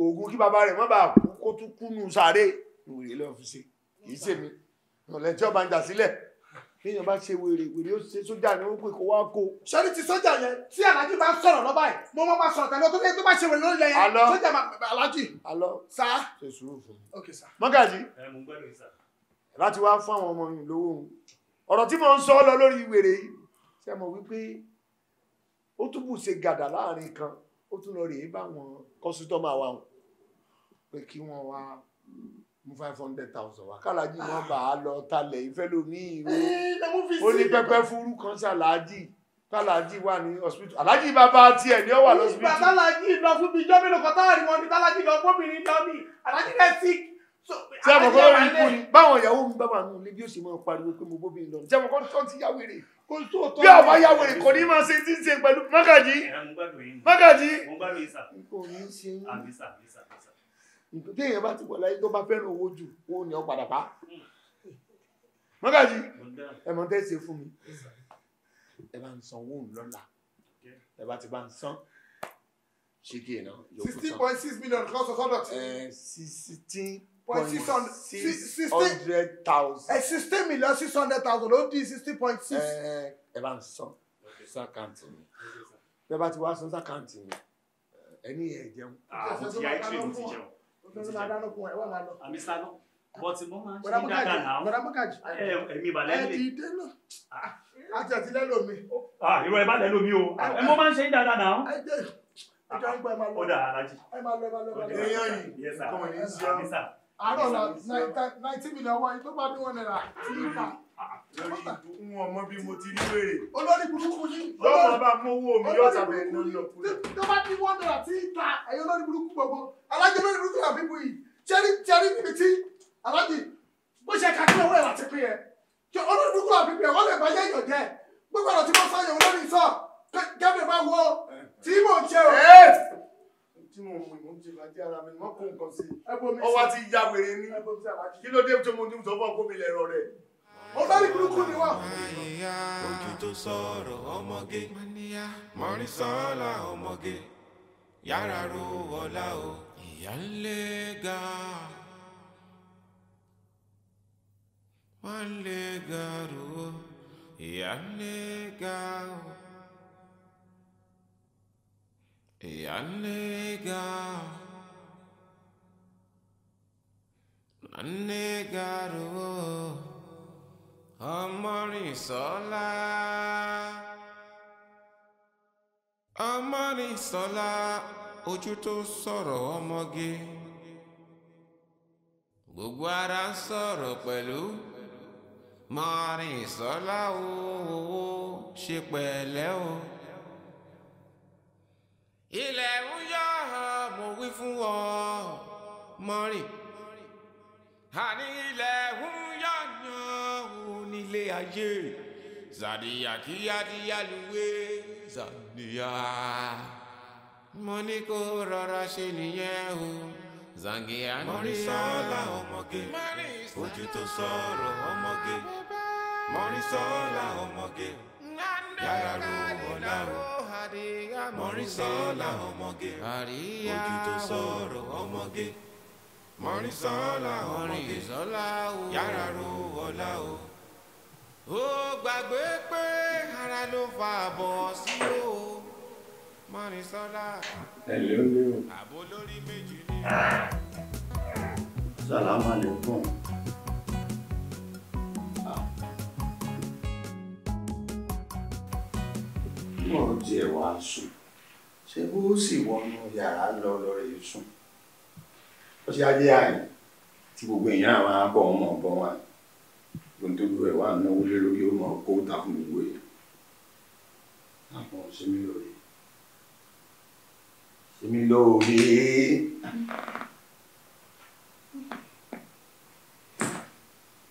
ogun kí bàbá rẹ̀ má bàa kú kó tún kú nù sáré ìwòye lọ́ọ́ fi ṣe kì í ṣèmi ọ̀lẹ́tí ọba ń jà sílẹ̀ téèyàn bá ṣe wèrè wèrè ó ṣe sójà ni ó pè kó wá kó. sọ́ni ti sójà yẹn tí aláàjì bá sọ̀rọ̀ lọ́ba yìí mo mọ́ máa sọ̀rọ̀ tẹ̀lé tó tó bá ṣe wèrè lórí yẹn sójà aláàjì. alọ sa ṣe sùúrù fún mi. ok sa. mọ́gàjì láti wá fún àwọn ọmọ yìí lówó òun ọ̀rọ̀ tí mo ń sọ lọ lórí wèrè yìí ṣe mọ̀ wípé ó túbù ṣe gàdà láàrin kan ó tún lọ rèé bá àwọn kọ́sítọ́mà wa hàn pé kí wọ́n wá mú five hundred thousand wá kálájì wọn bá a lọ talẹ̀ ìfẹ́ lómii eh, o ó ní pẹpẹ fúru kan ṣàlájì kálájì wà ní hospital alájì bàbá tiẹ̀ ni ó wà lọ́sibítù. ìgbà tálájì lọ fún bíi jọ́bí lóko tálájì wọn ni tálájì lọ gbóbìnrin lọ ní alájì rẹ̀ sick tí àwọn kan lórí ikú ni báwọn ìyàwó mi bá wà nù ní bí ó sì máa pariwo pé mo bóbi lọ tí àwọn kan tó ti yá wèrè bí àwọn yá wèrè kò ní máa ṣe tí ń ṣe pẹ̀lú mágàjì mágàjì. mo gbádùn yín sà nǹkan téèyàn bá ti wọ̀ láyé tó bá fẹ́ràn owó jù owó ni ọ padà bá mọ́gàjì ẹ mọ̀ tẹ́ ṣe fún mi ẹ bá ń san owó ńlọ́la ẹ bá ti bá ń san ṣíkì iná yòókù san sixteen point six million kan sọ sọ́dọ̀ point six hundred thousand. sixteen million six hundred thousand ló di sixteen point six. ẹ bá ń san ẹni ẹ ah, jẹun òfin máa dáná fún ẹ wà lálọ. àmì sá lọ bọ́tì mo máa ń ṣe dáadáa náà bọ́dà mọ́kàjì ẹ̀mí ìbàlẹ̀ ẹ̀ ti dé lọ àti àti lẹ́lòmí. ìrọ̀ ah, ẹ̀ bá lẹ́lòmí o ah, ẹ̀ mo máa ń ṣe dáadáa náà. ẹ jẹ́ ìjọ ń gbọ́ ẹ máa lọ. ó dà alájì. ẹ máa lọ ẹ máa lọ. èèyàn yìí kọ́mọ̀ ní í ṣe àmì sá. àárọ̀ náà ninety million wọ́n yìí tó bá ní one naira tí ń pa lórí ìbùkún ọmọ bí mo ti rí wèrè. olórí burúkú yìí. lọ́mọ bá mówó mi yóò tàbí ẹnu lọ. tó bá ní wọ́n dọ̀rọ̀ tí ta ẹ̀yọ́ lórí burúkú gbogbo alájọ lórí burúkú àbí bu yìí jẹ́rí jẹ́rí níbi tí alájì bó ṣe kàkí owó ẹ̀ láti pín yẹ olórí burúkú àbí bu yẹ wọ́n lè bá yẹ yọ̀ gbogbo ọ̀rọ̀ tí wọ́n sọ yẹ olórí sọ gẹ́gẹ́ bá wo tí mò ń jẹ o tí mo mú ìmú ti bàjẹ́ ara mi mọ́ kó nǹkan sí i. ọwọ́ ti ya wèrè ni kí ló dé tó mo ti sọ fún ọkọ mi lẹ́rọ rẹ̀. olórí burúkú ni wá. ojú tó sọ̀rọ̀ ọmọge mọ̀rin sọ́ọ́lá ọmọge yàrá ro ọ̀la o ìyá ń lé ga. wọ́n lé ga ro ìyá ń lé ga o. ìyá ń lé ga o. Nannegaro Ọmọrìnsọ́lá. Ọmọrìnsọ́lá ojú tó sọ̀rọ̀ ọmọge. Gbogbo ara ń sọ̀rọ̀ pẹ̀lú. Mọ̀rìnsọ́lá owó ṣe pẹ̀lẹ́ o. Ilẹ̀ ń yọ mo wí fún ọ mọ́rìn. Àní ilẹ̀ ń yọ̀yàn nílé ayé zàdíyà kíyádíyá lùwé zàdíyà mo ní kó rọra ṣe nìyẹn o zangiya Mọ́rísọ́lá ọmọge ojú tó sọ̀rọ̀ ọmọge Mọ́rísọ́lá ọmọge yàrá ro ọ̀la o Mọ́rísọ́lá ọmọge ojú tó sọ̀rọ̀ ọmọge Mọ́rísọ́lá ọmọge yàrá ro ọ̀la o ó gbàgbé pé ara ló fa àbọ̀ sí o mọ́rìnsọ́lá àbò lórí méjì ni. sàlámà lè fún un. mọ̀ tí ẹ sùn ṣé bó sì wọnú yàrá lọ lọ́rẹ̀ sùn ó ṣe ajé àyè tí gbogbo èèyàn àwọn abọ́ ọmọ ọ̀bọ wọn gbọ̀ntẹ́lu ẹ̀ wà náwó lé lórí ó máa kó ta fún gbogbo yẹn àpọ̀ sẹ́mi lórí sẹ́mi lórí.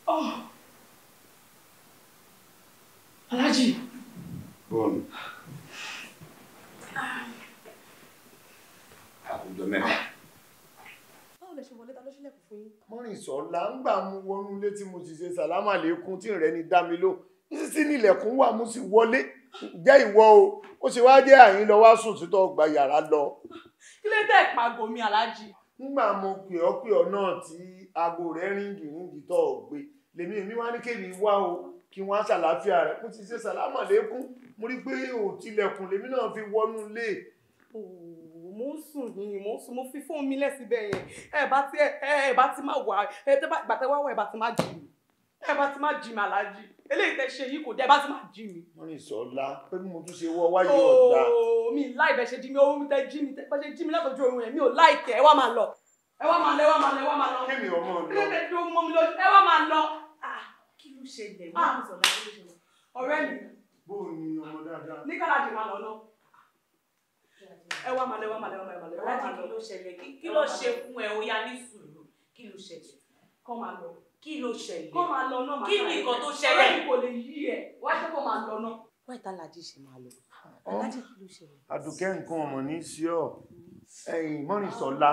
Oh. Aláàjì. Bọ́ọ̀lù. Ah. Àwùjọ mẹ́ta fún yín. Mọ́rìnsọ́lá ń gbà mú wọnú ilé tí mo ti ṣe sàlámà lẹ́kún tí ìrẹ́ni dá mi lóhùn sísí nílẹ̀kùn wà mú sí wọlé jẹ́ ìwọ o ó ṣe wáá jẹ́ àyín lọ wá sùn títọ́ gba yàrá lọ. kílé tẹ́ ìpàgò mi aláàjì. nígbà mo pè ọ́ pè ọ́ náà tí aago rẹ̀ ríngì ríngì tó o gbé lèmi èmi wá ní kébi wá o kí wọ́n á ṣàlàáfíà rẹ̀ mo ti ṣe sàlámà lẹ́kún mo rí pé òtílẹ̀kùn lèmi náà fi wọnú lé mo ń sùn ni mo ń sùn mo fi fóònù mi lẹ̀ síbẹ̀ yẹn ẹ bá ti ẹ bá ti máa wà ẹ tẹ́ bá gbàtẹ́ wá wà ẹ bá ti máa jì mí ẹ bá ti máa jì mí aláàjì eléyìí tẹ́ ṣe yìí kò dé ẹ bá ti máa jì mí. wọ́n rìn sọ́lá pé bí mo tún ṣe wọ́ wáyé ọ̀dà. ooo mi láì bẹ́ẹ̀ ṣe di mi ohun tẹ́ jí mi tẹ́ ṣe jí mi látọ̀jú ohun yẹn mi ò láìkẹ́ ẹ wá máa lọ ẹ wá máa lọ ẹ wá máa lọ ẹ wá máa lọ. kí ni ọmọ lọ. ẹ tẹ́ tó mọ́ mi lójú ẹ wá máa lọ. Ah, kí ló ṣe ilẹ̀ wọ́n ah, sọ̀rọ̀ ọ̀rẹ́ mi. bó o ní ọmọ dáadáa. ní kálá ẹ wá màlẹ wá màlẹ wá màlẹ wá màlẹ. kí ló ṣẹlẹ̀ kí ló ṣe fún ẹ ó yá ní sùúrù kí ló ṣẹlẹ̀. kọ́ máa lọ. kí ló ṣẹlẹ̀. kọ́ máa lọ náà. kí ni nǹkan tó ṣẹlẹ̀. ọ̀rẹ́ kò lè yí ẹ wá ṣe kó máa lọ náà. wọ́n ìta alájí ṣe máa lọ. alájí kí ló ṣẹlẹ̀. àdùkẹ́ nǹkan ọmọ ní sí ọ ẹ̀yìn mọ́rìnsọ̀la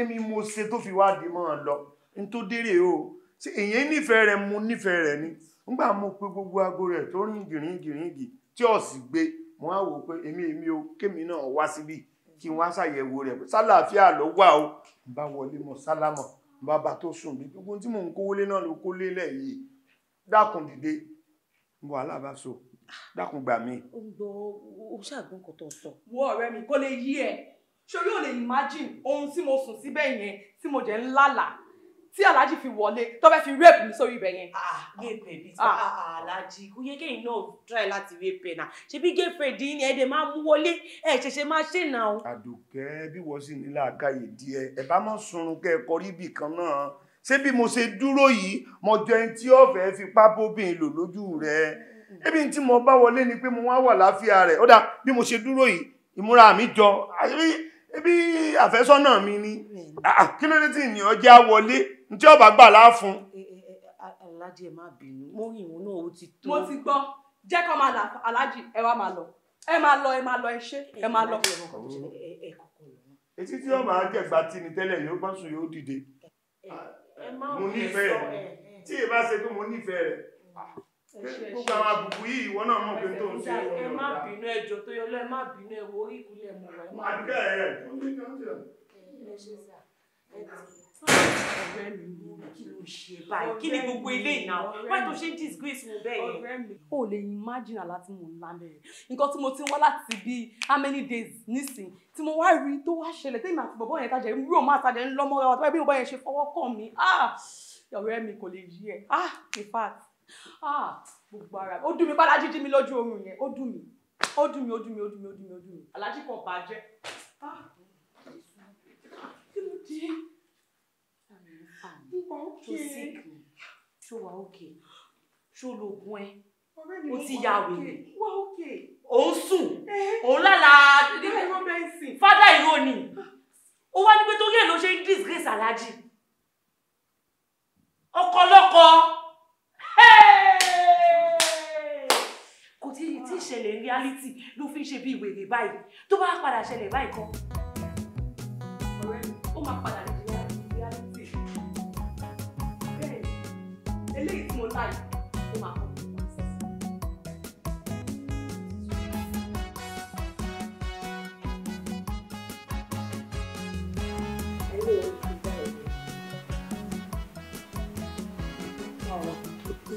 èmi mo ṣe tó fi wá dé mọ́ lọ n tó dérè o ṣe èyàn nífẹ̀ẹ́ rẹ̀ mo nífẹ̀ẹ́ rẹ̀ ni ngbà mo pe gbogbo aago rẹ̀ tó ríngìríngìríngì tí ọ̀sì gbé mo wá wò pé èmi èmi o kémi náà wá síbí kí n wá ṣàyẹ̀wò rẹ̀ sálàáfíà ló wà o bá wọlé mọ sálámọ bàbá tó sùn bí gbogbo tí mò ń kówólé náà ló kólé lẹ́yìn dákun dìde wàhálà bá so dákun gbà mí. ó ń gbọ́ ó ṣàgbọ́n kò tó imagine ohun mo sùn síbẹ̀ yẹn tí mo jẹ́ tí aláàjì fi wọlé tó fẹ́ fi rape mi sórí ibẹ̀ yẹn. rape ẹ̀ bíi aláàjì kò yẹ kéyìn náà try láti rape ẹ̀ náà ṣebí gẹ́fẹ̀ dín ní ẹ̀dẹ̀ máa mú wọlé ẹ̀ ṣẹ̀ṣẹ̀ máa ṣe náà. àdùkẹ́ bí wọ́n sì ní làákàyè díẹ̀ ẹ bá mọ̀ sunrun kẹ́ ẹ kọrí ibì kan náà ṣé bí mo ṣe dúró yìí mo jẹ ẹni tí ọ̀fẹ́ fipá bóbìn lò lójú rẹ ebi tí mo bá wọlé ni pé mo wá wà láfíà rẹ ó dà bí mo ṣe dúró yìí ìmúra mi jọ ebi àfẹ́sọ́nà mi ni ah, ah, kí ló dé tí ìyàn wọlé ntí ọba gbà láàfún. aláàjì ẹ má bínú mo rìn òun náà ó ti tó. mo ti gbọ́ jẹ́ kó máa là aláàjì ẹ wá máa lọ ẹ máa lọ ẹ máa lọ ẹ ṣe ẹ máa lọ. etí tí ọba àjẹgbà tí ni tẹ́lẹ̀ yóò bá sùn yóò dìde mo nífẹ̀ẹ́ rẹ̀ tí èyí bá ṣe pé mo nífẹ̀ẹ́ rẹ̀ gbogbo àwọn àbùkù yìí ìwọ náà mọ̀ pé tó ń ṣe ọ̀rọ̀ ẹ má bínú ẹjọ́ tó yọ lọ ẹ má bínú ẹwọ orí ìkúlẹ̀ mọ̀ wá. àdúgbò ẹ̀ ẹ̀ ọ̀rẹ́ báyìí kí ni gbogbo ilé ìná wáyé tó ṣe ń disgrace wọn bẹ́ẹ̀ yẹn. o lè imagine àlá tí mo ń lá mẹ́rin nǹkan tí mo ti ń wá láti bíi how many days nísìn tí mo wá rí tó wá ṣẹlẹ̀ tẹ́mi àti bọ̀bọ̀ yẹn tajà irú òun àtàjẹ́ ń lọ́mọ́ ọ̀rọ̀ àtàwọn ẹbí bọ̀bọ̀ yẹn ṣe fọwọ́ kàn mí ọ̀rẹ́ mi kò lè yí ẹ̀ ah in fact ah gbogbo ara ó dùn mí padà jíjí mi lójú oorun yẹn ó dùn mí ó dùn mí ó dùn mí ó dùn mí ó dùn mí ó dùn mí alájí kan ah kí ló ṣó sick ni ṣó wa okay ṣó lóògùn ẹ ó ti ya wèrè òun sùn òun lálàá fádà ìró ni ó wá ní pé torí ẹ̀ ló ṣe ń disgrace aláàjì ọkọ lọkọ kò tí ì tí reality lo fi ń ṣe bí ìwèrè báyìí tó bá padà ṣẹlẹ̀ báyìí kan ó máa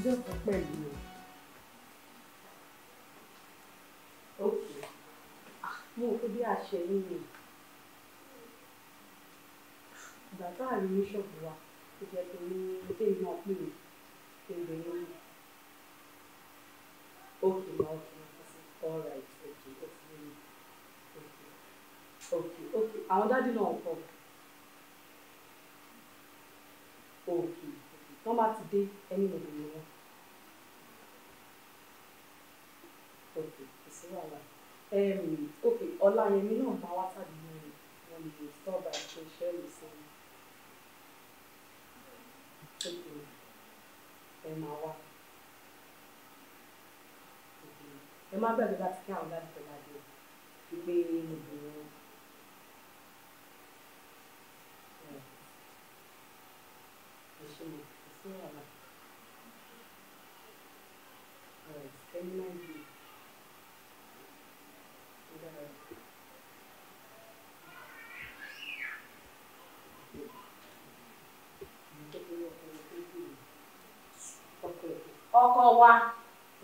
dẹ́kun pẹ̀lú o. ok ah, mo rò pé bí àṣẹ yín ni ìgbà tá à ń ní ṣọ́ọ̀bù wa kò jẹ́ pé ní ilé náà pè mí kéde lórí. ok ma ok ma kò sí all right ok ó ti rí mi ok ok àwọn dádì náà ń kọ́ mi òkè tó bá ti dé ẹni òbí wọn. ok kò sí wàhálà ok ọ̀làyẹmí náà máa wá tàbí mẹ́rin wọn lè stop by to share with some ok ẹ máa wá ẹ má gbàgbé láti kí àwọn dáàbò pẹ̀lú àdéhùn wípé mo bèrè wọn. Thank you. wá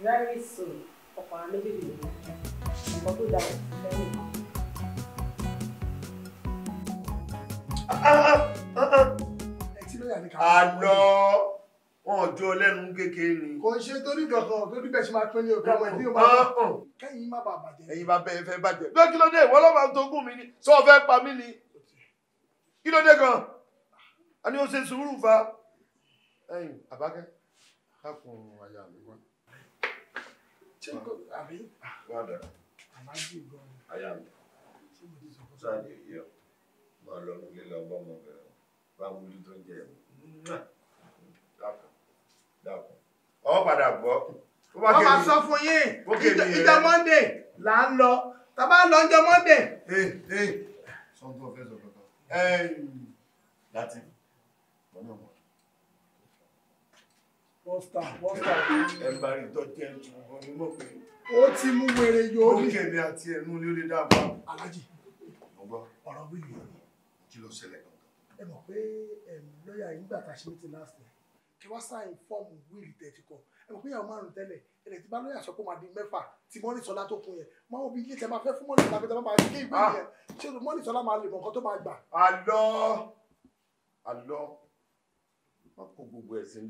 very soon ọkọ̀ àwọn méjèèjì nǹkan tó dára lẹ́yìn kan. Àlọ́ ọjọ́ lẹ́nu kékeré ni. Kò ṣe torí kankan torí bẹ́ẹ̀ ṣe máa pín ní òkè àwọn ìdí òbá. Kẹ́yìn má bàa bàjẹ́. Ẹ̀yin bá bẹ́ẹ̀ fẹ́ bàjẹ́. Bí kí ló dé ìwọ lọ́ba tó gùn mí ni sọ fẹ́ pa mí ni. Kí ló dé gan? A ní o ṣe sùúrù fa. Ẹ̀yin Àbákẹ́, dákun àyà mi ṣé n kò àbí. gbọ́dọ̀ ah, àmájú gan. àyà mi sáàdì yìí ọ máa lọ nílé lọ bá ọmọ bẹ̀rẹ̀ bá wúlú tó ń jẹ ẹ dákun dákun ọ padà gbọ́. wọ́n máa sọ fún yín ìjọ monday là ń lọ tàbá lọ ń jọ monday. sọ́ńtò ọ̀fẹ́ sọ̀tọ̀ kan. láti ọ̀nà ọ̀hún pọ́stà pọ́stà ẹ̀mbàrí ó ti mú wèrè yóò ní. ó kèmí àti ẹnu ní ó lè dábàá. alájì ọ̀rọ̀ wíìlì yìí ni. kí ló ṣẹlẹ̀ kan. ẹ mọ̀ pé lọ́ọ̀yà yìí gbà tá a ṣe mí ti last year kí wọ́n sáyìn fọ́ọ̀mù wíìlì tẹ̀ ti ẹ mọ̀ pé ìyàwó márùn-ún tẹ́lẹ̀ ẹ̀rẹ̀ tí bá lọ́ọ̀yà sọ pé màá di mẹ́fà tí mọ́nì sọlá tó kún yẹn máa wo bí ilé tẹ máa fẹ́ fún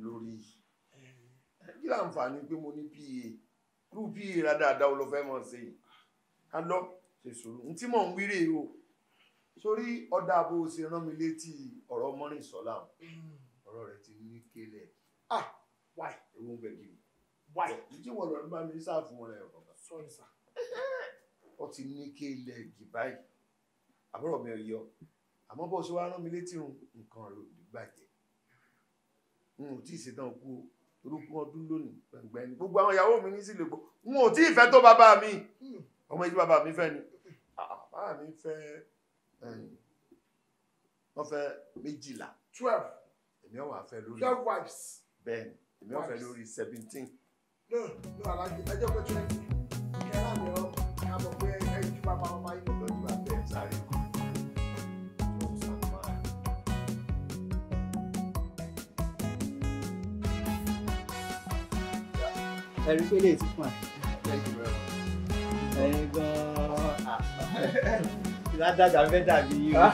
mọ́nì kí láǹfààní pé mo ní pa irú pa rádáadáa ó lọ fẹ́ mọ̀ sí yìí ká lọ ṣe sùúrù ní tí mò ń wí rèé o sórí ọ̀dà bó o ṣe rán mi létí ọ̀rọ̀ mọ́rin sọ́lá ọ̀rọ̀ rẹ̀ ti ní kélẹ̀ ah why ewu ń bẹ gidi why ìdí wọn lọ bá mi sáà fún wọn lẹ́yìn ọ̀kan sorry sir ó ti ní kélẹ̀ gì báyìí àbúrò mi ò yọ àmọ́ bó o ṣe wá rán mi létí nǹkan rẹ̀ ò ní gbàjẹ́ n ò tí ì ṣetán kú o orúkún ọdún lónìí gbẹ̀ngbẹ̀ ni gbogbo àwọn ìyàwó mi ní sí lè gbọ́ wọn ò tí ì tó bàbá mi ọmọ ìdí bàbá mi fẹ́ ni bàbá mi fẹ́ wọ́n fẹ́ méjìlá twelve èmi ọ̀wà fẹ́ lórí twelve wives bẹ́ẹ̀ èmi ọ̀fẹ́ lórí seventeen. no no ẹjọ́ pé twenty. ẹ̀rí pé lè ti fún ẹ. ẹ̀yin gan-an ládàjà fẹ́ dàbí yìí. ah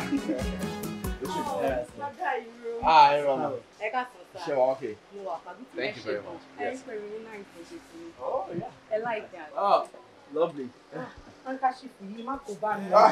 oh, ẹ rọ mọ. Ah, ẹ ká sọ sáà ṣe wà ókè. mo wà pàbí tí ẹ ṣe tán ẹ ń pè mí náà ìfẹsẹ sí mi. Oh, ẹ láì dà. oh lovely. Ah, handkerchief yìí má kó bá mi. Ah.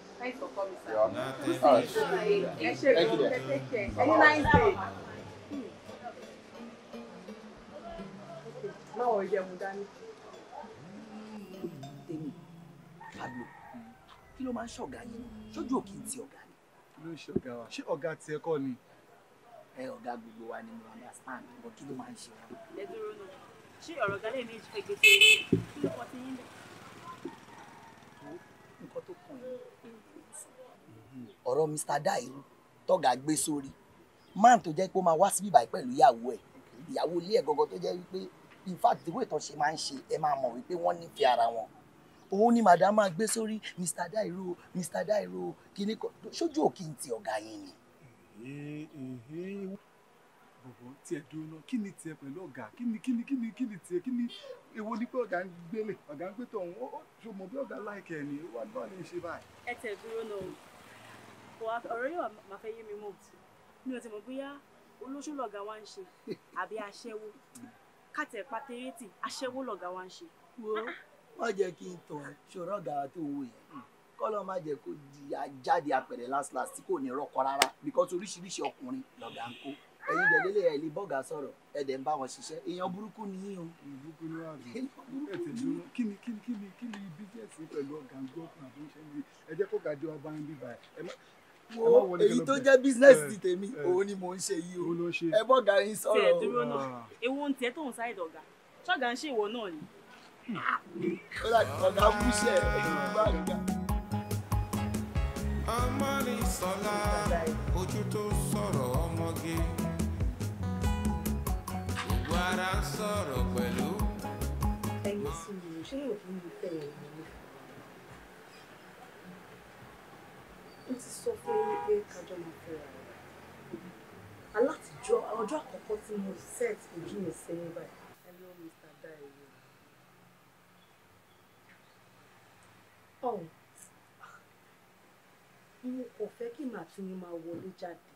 Thanks for coming, sir. Yeah. No, thank All right. you. Thank you. Thank you. Thank you. Any nice day. Báwo ẹ jẹun dání? Tèmi, Pablo, kí ló máa ń ṣọ̀gá yìí? Ṣojú òkè ti ọ̀gá ni. Kí ló ń ṣọ̀gá wa? Ṣé ọ̀gá tiẹ̀ kọ́ ni? Ẹ ọ̀gá gbogbo wa ni mo understand, but kí ló máa ń ṣe Ẹ dúró náà, ṣé ọ̀rọ̀ ọ̀gá lè méjì pé gbèsè kí ló kọ́ sí yín bẹ̀? Nǹkan tó kàn yín ọ̀rọ̀ Mr. Dairu tọ́gà gbé sórí man tó jẹ́ pé ó máa wá síbí báyìí pẹ̀lú ìyàwó ẹ̀ ìyàwó ilé ẹ̀ gọ́gọ́ tó jẹ́ wípé in fact ìwé ìtàn ṣe máa ń ṣe ẹ máa mọ̀ wípé wọ́n nífẹ̀ẹ́ ara wọn òun ni madam máa gbé sórí Mr. Dairu Mr. Dairu kíní kan sójú òkè ti ọ̀gá yín ni. bọ̀bọ̀ tí ẹ dúró náà kí ni tiẹ̀ pẹ̀lú ọ̀gá kí ni kí ni kí ni kí ni tiẹ̀ kí ni èwo ni pé ọ̀gá ń gbélé ọ̀gá ń gbé tọ̀hún ó ṣo bí ọ̀gá láìkẹ́ ni wọ́n lè ṣe báyìí. ẹ tẹ̀ dúró náà kò wá ọ̀rọ̀ yóò máa fẹ́ yé mi mọ́ mi ò ti mọ̀ bóyá olóṣù lọ̀gá wa ń ṣe àbí aṣẹ́wó kàtẹ́ pàtẹ́rẹ́tì aṣẹ́wó lọ̀gá wa ń ṣe. wo wọ́n ah, ah. jẹ́ kí n tàn ṣòro ọ̀gá wa tó wò yẹn hmm. kọ́lọ́ má jẹ́ kó di ajáde apẹ̀rẹ̀ last last tí kò ní rọ́kọ rárá because oríṣiríṣi ọkùnrin lọ̀gá ń kó ẹ̀yin dẹ̀lélẹ̀ ẹ̀ lè bọ́gà sọ̀rọ̀ ẹ̀dẹ̀ ń bá wọn ṣiṣẹ́ èèyàn burúkú ni yín o. burúkú ni wàá dùn ẹ ti dùn kí ni kí ni kí ni kí ni bíjẹ́sì pẹ̀lú ọ̀gá ń gbọ́ fún àbúṣe ń bí ẹ jẹ́ kó gàdé ọba ń bíbà ẹ wo èyí tó jẹ́ bísínẹ́sì ti tèmi òun ni mò ń ṣe yìí o ẹ bọ́ gàrí sọ̀rọ̀ o. Ah. ewu ń tiẹ̀ tó ń sáyé dọ̀gà ṣọ́gà ń ṣe ìwọ náà ni. ó dà ọ̀gá búṣẹ̀ ẹ̀yìn bá gà. Ọmọnísọ́lá ojú tó sọ̀rọ̀ ọmọge gbogbo ara sọ̀rọ̀ pẹ̀lú. ẹyin sùn ṣé yóò fún mi fẹ́ ẹ̀ ó ti sọ fún yín pé kájọ máa fẹ́ra rẹ̀ alátijọ́ ọjọ́ àkọ́kọ́ tí mo set ojú mi sẹ́yìn báyìí hello Mr. Daiye ọ̀hún oh. mo kò fẹ́ kí màá tún ní máa wọlé jáde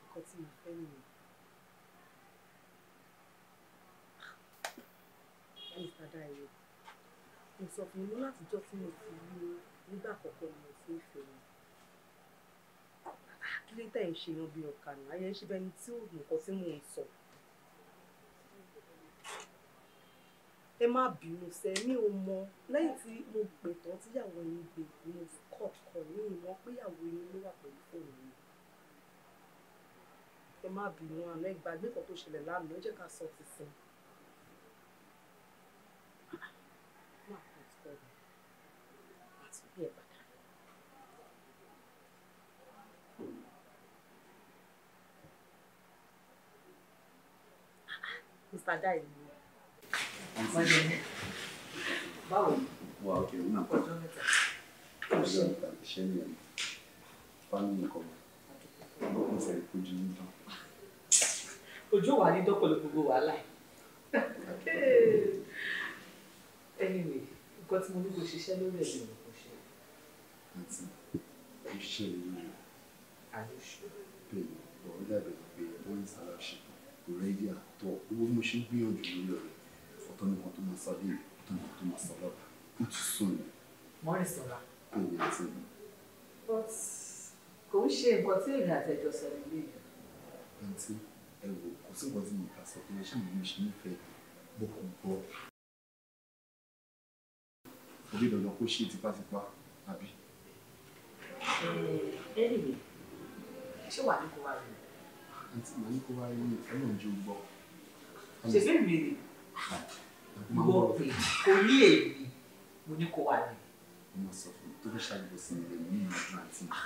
nǹkan tí mo fẹ́ nìyẹn. Mr. Daiye mo sọ fún yín láti jọ́ tí mo ti rí nígbà àkọ́kọ́ ni mo ti ń fẹ́ yín kí ló tẹ̀ ń ṣe yan bí ọkà náà ayé ṣe bẹ́ni tí ò nǹkan tí mò ń sọ. ẹ má bínú sẹ mi ò mọ lẹ́yìn tí mo pè tán tíyàwó yín gbé mo kọ̀ọ̀kan ní ìmọ̀ péyàwó yín ló wà pẹ̀lú fóònù mi ẹ má bínú àná ìgbàgbé kan tó ṣẹlẹ̀ lánàá ó jẹ́ ká sọ ti sìn. Mr. Dai. Báwo ni? Wà á kì í nà. Ọjọ́ mẹ́ta. Ọjọ́ mẹ́ta ṣé ni ẹ̀ fáwọn nǹkan mọ̀ ọ́n Ojú wa ní dọ́pọ̀lọ́ gbogbo wàhálà yìí. Anyway, nǹkan tí mo ní kò ṣiṣẹ́ lórí ẹ̀sìn mi kò ṣe. Àǹtí, ó ṣe ìlú rẹ̀. Àlùṣe. pé wọ́n ń sára ṣe ready at all owó mo ṣe gbìyànjú lórí ọ̀rẹ́ ọ̀tọ̀ ni wọn tó máa sáré ọ̀tọ̀ ni wọn tó máa sáré ọ̀tọ̀ ó ti sùn ni. mọ́rin sọ̀rọ̀. kò ní àti mi. but kò ń ṣe nǹkan tí èrè àtẹjọ sọ nílé yẹn. àǹtí ẹ wò kò sí nǹkan tí mo kà sọ pé ẹ ṣì ń ṣe nífẹ̀ẹ́ bó kò gbọ́. òbí dandan kó ṣe tipátipá àbí. ẹ ẹ ẹ nìyẹn ṣé wàá ní kó wá rí i àǹtí màá ní kó wá rí mi ọlọ́run jẹ́ gbọ́. ṣègbè mi rè ìwọ pé kò ní èyí mo ní kó wá rí. mo máa sọ fún mi tó fẹ́ ṣàgbọ̀ sí ilé mi ní ìlú àǹtí mi.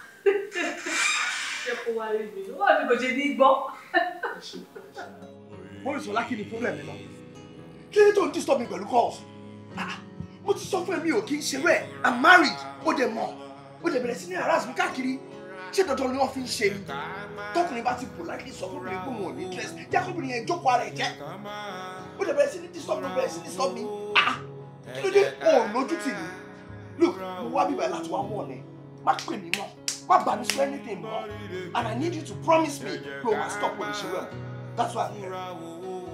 ṣé kó wá rí mi wọ́n mi kò ṣe ní gbọ́. mo rí sọlá kí ni problem mi náà kí ló tó ń disturb mi pẹ̀lú calls ah, mo ti sọ fún ẹ mi ò kí ń ṣeré i'm married mo dẹ̀ mọ̀ mo dẹ̀ bẹ̀rẹ̀ sí ní harass káàkiri ṣé dandan ni wọ́n fi ń ṣe ni tọkùnrin bá ti politely sọ fún mi pé wọn ò ní dress jẹ́ kóbìnrin yẹn jókòó ara ẹ̀ jẹ́ ó dẹ̀ bẹ̀rẹ̀ sí ní disturb mi sí ní disturb mi ah kí ló dé òun lójú tì mí look mo wá bíbẹ̀ láti wá wọ̀ ni má pè mí mọ́ má bà mí sọ anything mọ́ and I need you to promise me pé o máa stop òní ṣeré ọ̀hún that's why I'm here. Don't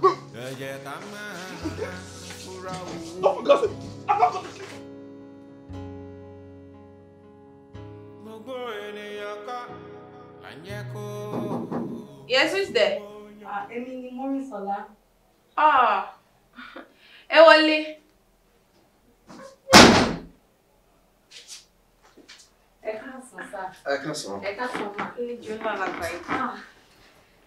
forget it. I'm not going to. Yes, who's there? Ah, Emi ni Mọ́rìnsọ́lá. Ah, ẹ wọlé. Ẹ káàsán, sá. Ẹ káàsán. Ẹ káàsán, ma. Ilé jù ú náà lágbàáyé.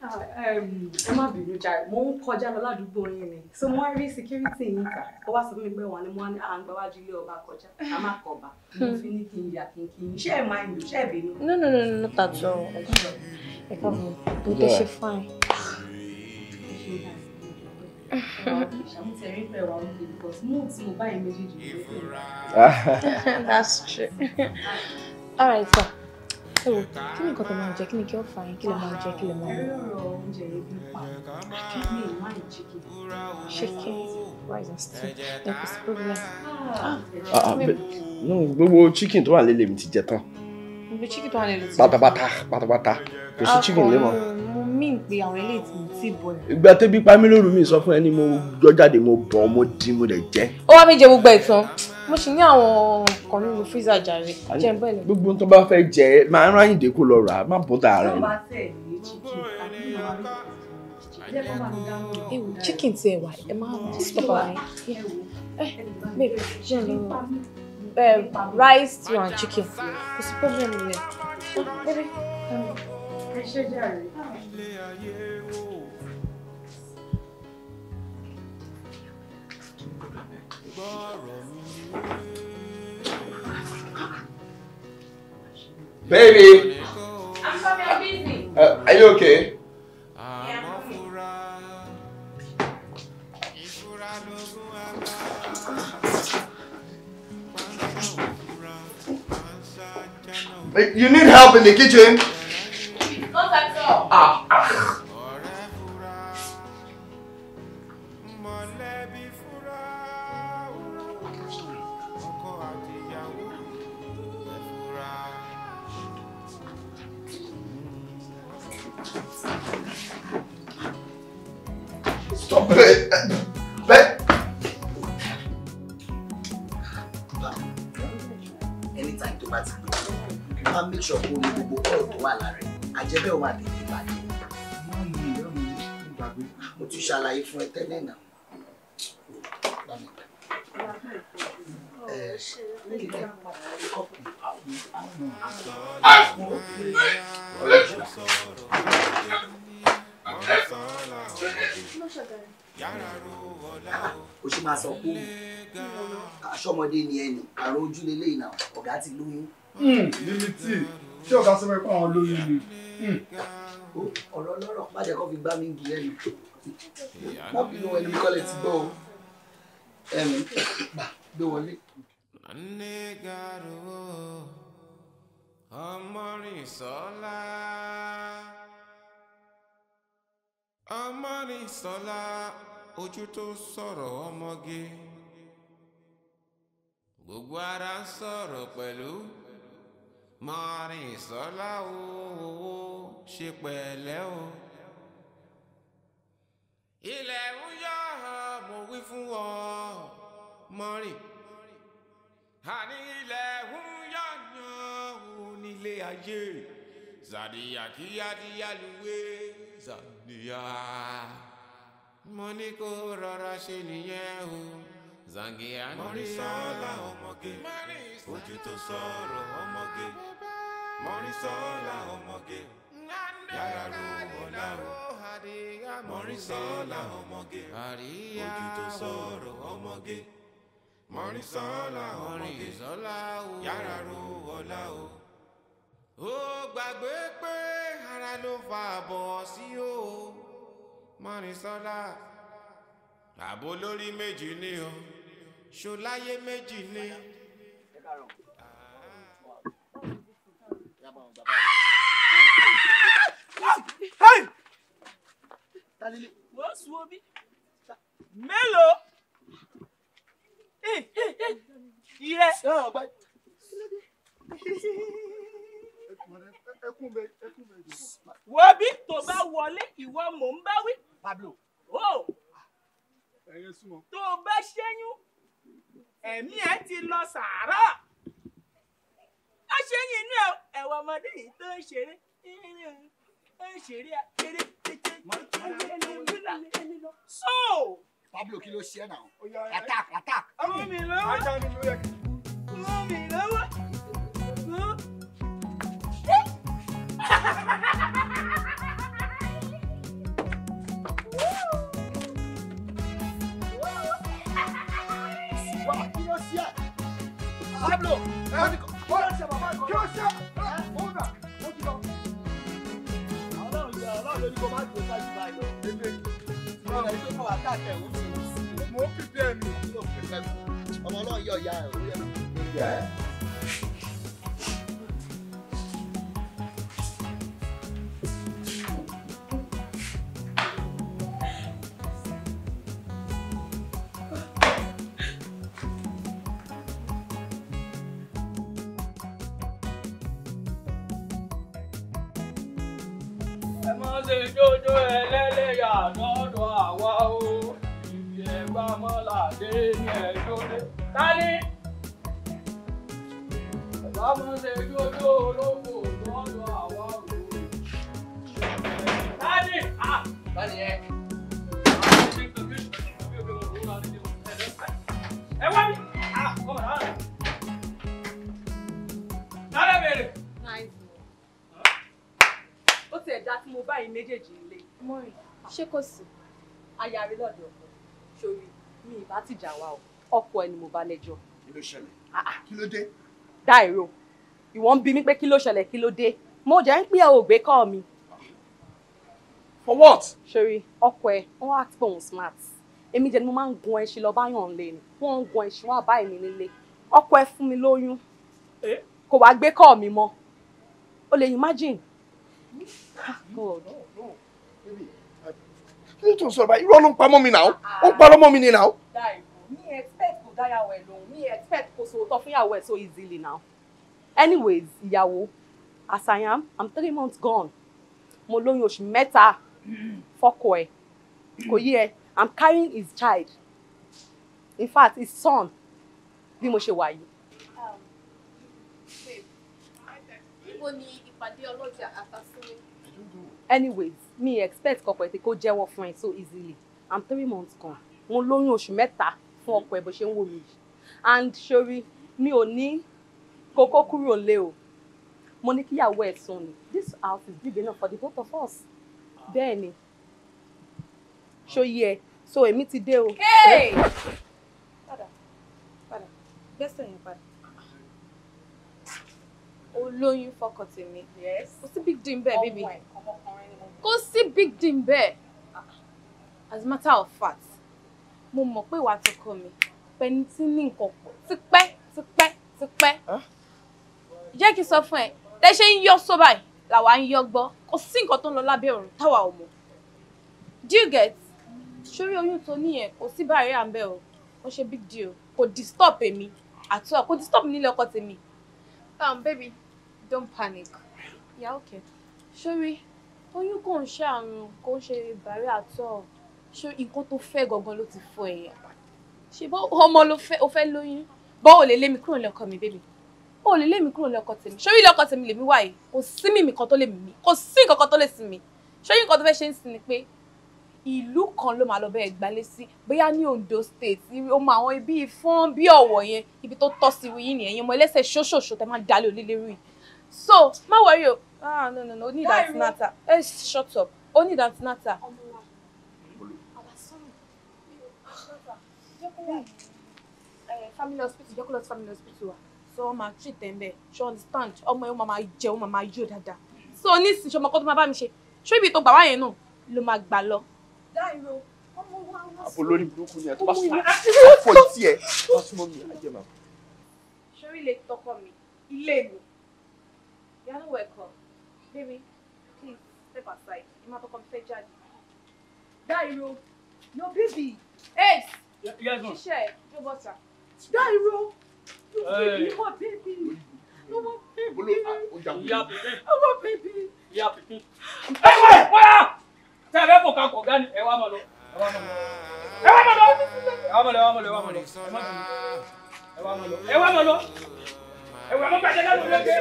Um, ẹ má bínú jàre mo ń kọjá lọ ládùúgbò yín ni so mo rí security yín kà ó wá sọ fún mi pé wọn ni wọn ní à ilé ọba kọjá a má kọba mo fi ní kí n yà kí n kí n ṣe é máa ń lò ṣe é bínú. no no no no not at all ẹ kọ́ mi bó dé ṣe fine. That's true. All right, So so kí ni nǹkan tó máa jẹ kí ni kí ó fà yín kí lè máa jẹ kí lè máa mú. chicken rice and stew then ah, ah, gbogbo chicken tó wà lélẹ̀ mi ti jẹ tán. chicken tó wà lélẹ̀ ti jẹ tán. pátápátá pátápátá kò sí chicken lẹ́mọ̀ mi ń pe àwọn ilé tí mo ti bọ̀ ni. ìgbà tẹ́bí pa mí lóru mi sọ fún ẹ ni mo jọ jáde mo bọ̀ mo dín mo dẹ̀ jẹ. ó wá mi jẹ gbogbo ẹ̀ tán mo sì ní àwọn nǹkan nínú freezer jàre jẹ́ ń bẹ̀rẹ̀. gbogbo tó bá fẹ́ jẹ máa ń ráyìn dé lọ rà á má bọ́ tà rẹ̀. ewu chicken ti ẹwà ẹ máa ń sọpọ ẹ eh, babe jẹ ẹ lọ eh, rice stew and chicken kò sí problem rẹ eh, baby. Baby. I'm sorry, I'm busy. Uh, are you okay? You need help in the kitchen? Not at all. Ah. ah. sure kó ní gbogbo oil tó wà lára àjẹbẹ́ ò tètè bàjẹ́. mo ti ṣàlàyé fún ẹ tẹ́lẹ̀ náà. o ṣe máa sọ pé aṣọ́mọdé ni ẹni àrùn ojú lélẹ́yìn náà ọ̀gá ti lóyún límítì hmm. ṣé ọ̀gá sọ pé àwọn olórí ni. Hmm. ọ̀rọ̀ ọlọ́rọ̀ má jẹ́ fi gbá mi gí ẹnu má bínú ẹnu mi kọ́lẹ̀ ti gbọ́ ẹnu gbà gbé wọlé. Ọmọrìnsọ́lá Ọmọrìnsọ́lá ojú tó sọ̀rọ̀ ọmọge gbogbo ara ń sọ̀rọ̀ Mọ́rìnsọ́lá o ṣe pẹ̀lẹ́ o. ilẹ̀ ń yọ mo wí fún ọ mọ́rìn. àní ilẹ̀ ń yọ̀yàn onílé ayé zàdíyà kíyádíyá lùwé zàdíyà. mo ní kó rọra ṣe nìyẹn o. Zangiani. Mọ́rísọ́lá ọmọge ojú tó sọ̀rọ̀ ọmọge Mọ́rísọ́lá ọmọge yàrá ro ọ̀la o Mọ́rísọ́lá ọmọge ojú tó sọ̀rọ̀ ọmọge Mọ́rísọ́lá ọmọge yàrá ro ọ̀la o. ó gbàgbé pé ara ló fa àbọ̀ sí o Mọ́rísọ́lá àbò lórí méjì ni o ṣòláyé méjì ni. wọ́n sùn omi mélòó ìrẹ. wo bí tó bá wọlé ìwọ mò ń bá wí. Pablo. o. Oh. tó bá ṣẹ́yún ẹ̀mí ẹ̀ ti lọ sàárọ̀ ó ṣe inú ẹ̀wọ̀ ọmọdé yìí tó ń ṣeré ń ṣeré kéré so. Pablo kí ló ṣe ẹ náà attack attack. ọmọ mi lọ́wọ́ ọmọ mi lọ́wọ́. Pablo! Kí o ṣe? Ọ̀gá, ó ti lọ. Ọlọ́run yà ọlọ́run lórí kó má gbé sáyé báyìí lọ. Ilé ìgbà yìí tó kọ̀ wá káàkiri òun ti wù sí. Mo fi bẹ́ẹ̀ ni. Ọmọ ọlọ́run yọ̀ ya ẹ̀ orí ẹ̀. mọ́ ṣe jójó ẹlẹ́lẹ́yà lọ́dọ̀ àwa o ìbí ẹgbà mọ́ládé ní ẹ̀jọ́dé. tani ẹgbà mọ́ ṣe jójó olóko lọ́dọ̀ àwa o. tani. báyìí ah! ẹ. bàbá yìí méjèèjì ilé. mọ́rì ah. ṣé kò sí. aya rẹ lọ́dọ̀ ọkọ sórí mi ìbá ti jà wá o ọkọ ẹni mo bá lẹ́jọ́. kí ló ṣẹlẹ̀ ah, ah. kí ló dé. dá èrò ìwọ ń bi mí pé kí ló ṣẹlẹ̀ kí ló dé mo jẹ́ ń pín ògbé kọ́ mi. for what. sori ọkọ ẹ wọn á pé òun smart èmi jẹ ni mo máa ń gun ẹṣin lọ báyọ̀ ńlẹ̀ ni wọ́n ń gun ẹṣin wá báyìí mi nílé ọkọ ẹ fún mi lóyún eh? kò wá gbé kọ́ mi mọ́ o lè imagine God. No, no. Baby, kí ló ń You báyìí? Irọ́ ló now. pamọ́ mi náà. now. Die. parọ́ mọ́ expect to die ẹ̀ lòun. Me expect to so fún ìyàwó ẹ̀ so easily now. Anyways, ìyàwó, as I am, I'm three months gone. Mo lóyún oṣù mẹ́ta Koye, I'm carrying his child. In fact, his son bí mo ṣe wà yìí. Um, Ibo ni ìpàdé ọlọ́jà àtàsí? anyways me expect kọkọ ètè kó jẹ́wọ́ fún ẹ so easily i'm three months gone mo lóyún oṣù mẹ́ta fún ọkọ ẹ bó ṣe ń wò mí and sori mi ò ní kókó kúrò lé o mo ní kíyàwó ẹ sùn ni this house is big enough for the both of us bẹ́ẹ̀ ni ṣòye ẹ so èmi ti dé o. padà padà gbẹ́sẹ̀ yẹn padà olóyún fọkàn tèmi kò sí big deal bẹ́ẹ̀ bíbí kò sí big deal bẹ́ẹ̀ as a matter of fact mo mọ̀ pé ìwà tọkọ mi pẹ̀lú tí ní nǹkan pọ̀ tipẹ́ tipẹ́ tipẹ́ jẹ́ kí n sọ fún ẹ tẹ́ ṣe ń yọ sọ báyìí làwa ń yọ gbọ́ kò sí nǹkan tó ń lọ lábẹ́ ọ̀run táwa ò mọ̀ do you get sórí oyún tó níyẹn kò sí bàárẹ̀ à ń bẹ̀ o wọ́n ṣe big deal kò disturb èmi àtúwọ̀ kò disturb nílé ọkọ tèmi. um baby don't panic Yeah, okay. you go ìyá òkè sórí oyún kò ń ṣe àrùn kò ń ṣe bàárẹ àtọ ṣé nǹkan tó fẹ́ gangan ló ti fọ ẹyà ṣe bọ ọmọ ló fẹ́ o fẹ́ lóyún bọ ò lè lé mi kúrò lọkọ mi bébì ò lè lé mi kúrò lọkọ tèmi sórí me. tèmi lèmi wáyé kò sí mímì kan tó lè See kò sí nǹkan kan tó lè sinmi sórí nǹkan tó fẹ́ ṣe ń sinmi pé ìlú kan ló máa lọ bẹ́ẹ̀ gbalé sí bóyá ní Ondo state ó máa àwọn ibi ìfọ́n bí ọ̀wọ̀ yẹn ibi tó tọ́ sí wíyí nìyẹn yẹn mọ show, show. tẹ máa dalẹ̀ olílérú yìí so má worry you? ah no no no Only that antinata Hey, eh, shut up Only that antinata. family hospital jẹ́ kó lọ sí family hospital wa so ọmọ àti ìtẹ̀m̀bẹ̀ ṣe understand ọmọ ẹ̀ máa jẹ́ ọmọ máa yó my, so nísìnyí ṣe ọmọ kan tó máa bá mi ṣe ṣé ibi tó gbà wáyẹn náà ló máa gbà lọ. dáìrò ọmọ wa wá sí. àpò lórí burúkú ni to. tó bá sùn àpò ìtì ẹ wá súnmọ́ mi àjẹmọ́. sórí ilé tọkọ mi ilé mi You are not welcome. Baby, please step aside. You have to confess Jadi. Dairo, no baby. Ace. Yes, ma'am. Share your butter. Dairo, no baby. Hey. No baby. No baby. No baby. No baby. ìyá pikin. ẹ wọ ẹ wọ́yà tẹ ẹ bẹ fò kan kò gani ẹ wà mọ lọ ẹ wà mọ lọ ẹ wà mọ lọ ẹ wà mọ lọ ẹ wà mọ lọ ẹ wà mọ lọ ẹ wà mọ lọ ẹ wà mọ lọ ẹwà mọ gbàdé lánàá ló dé.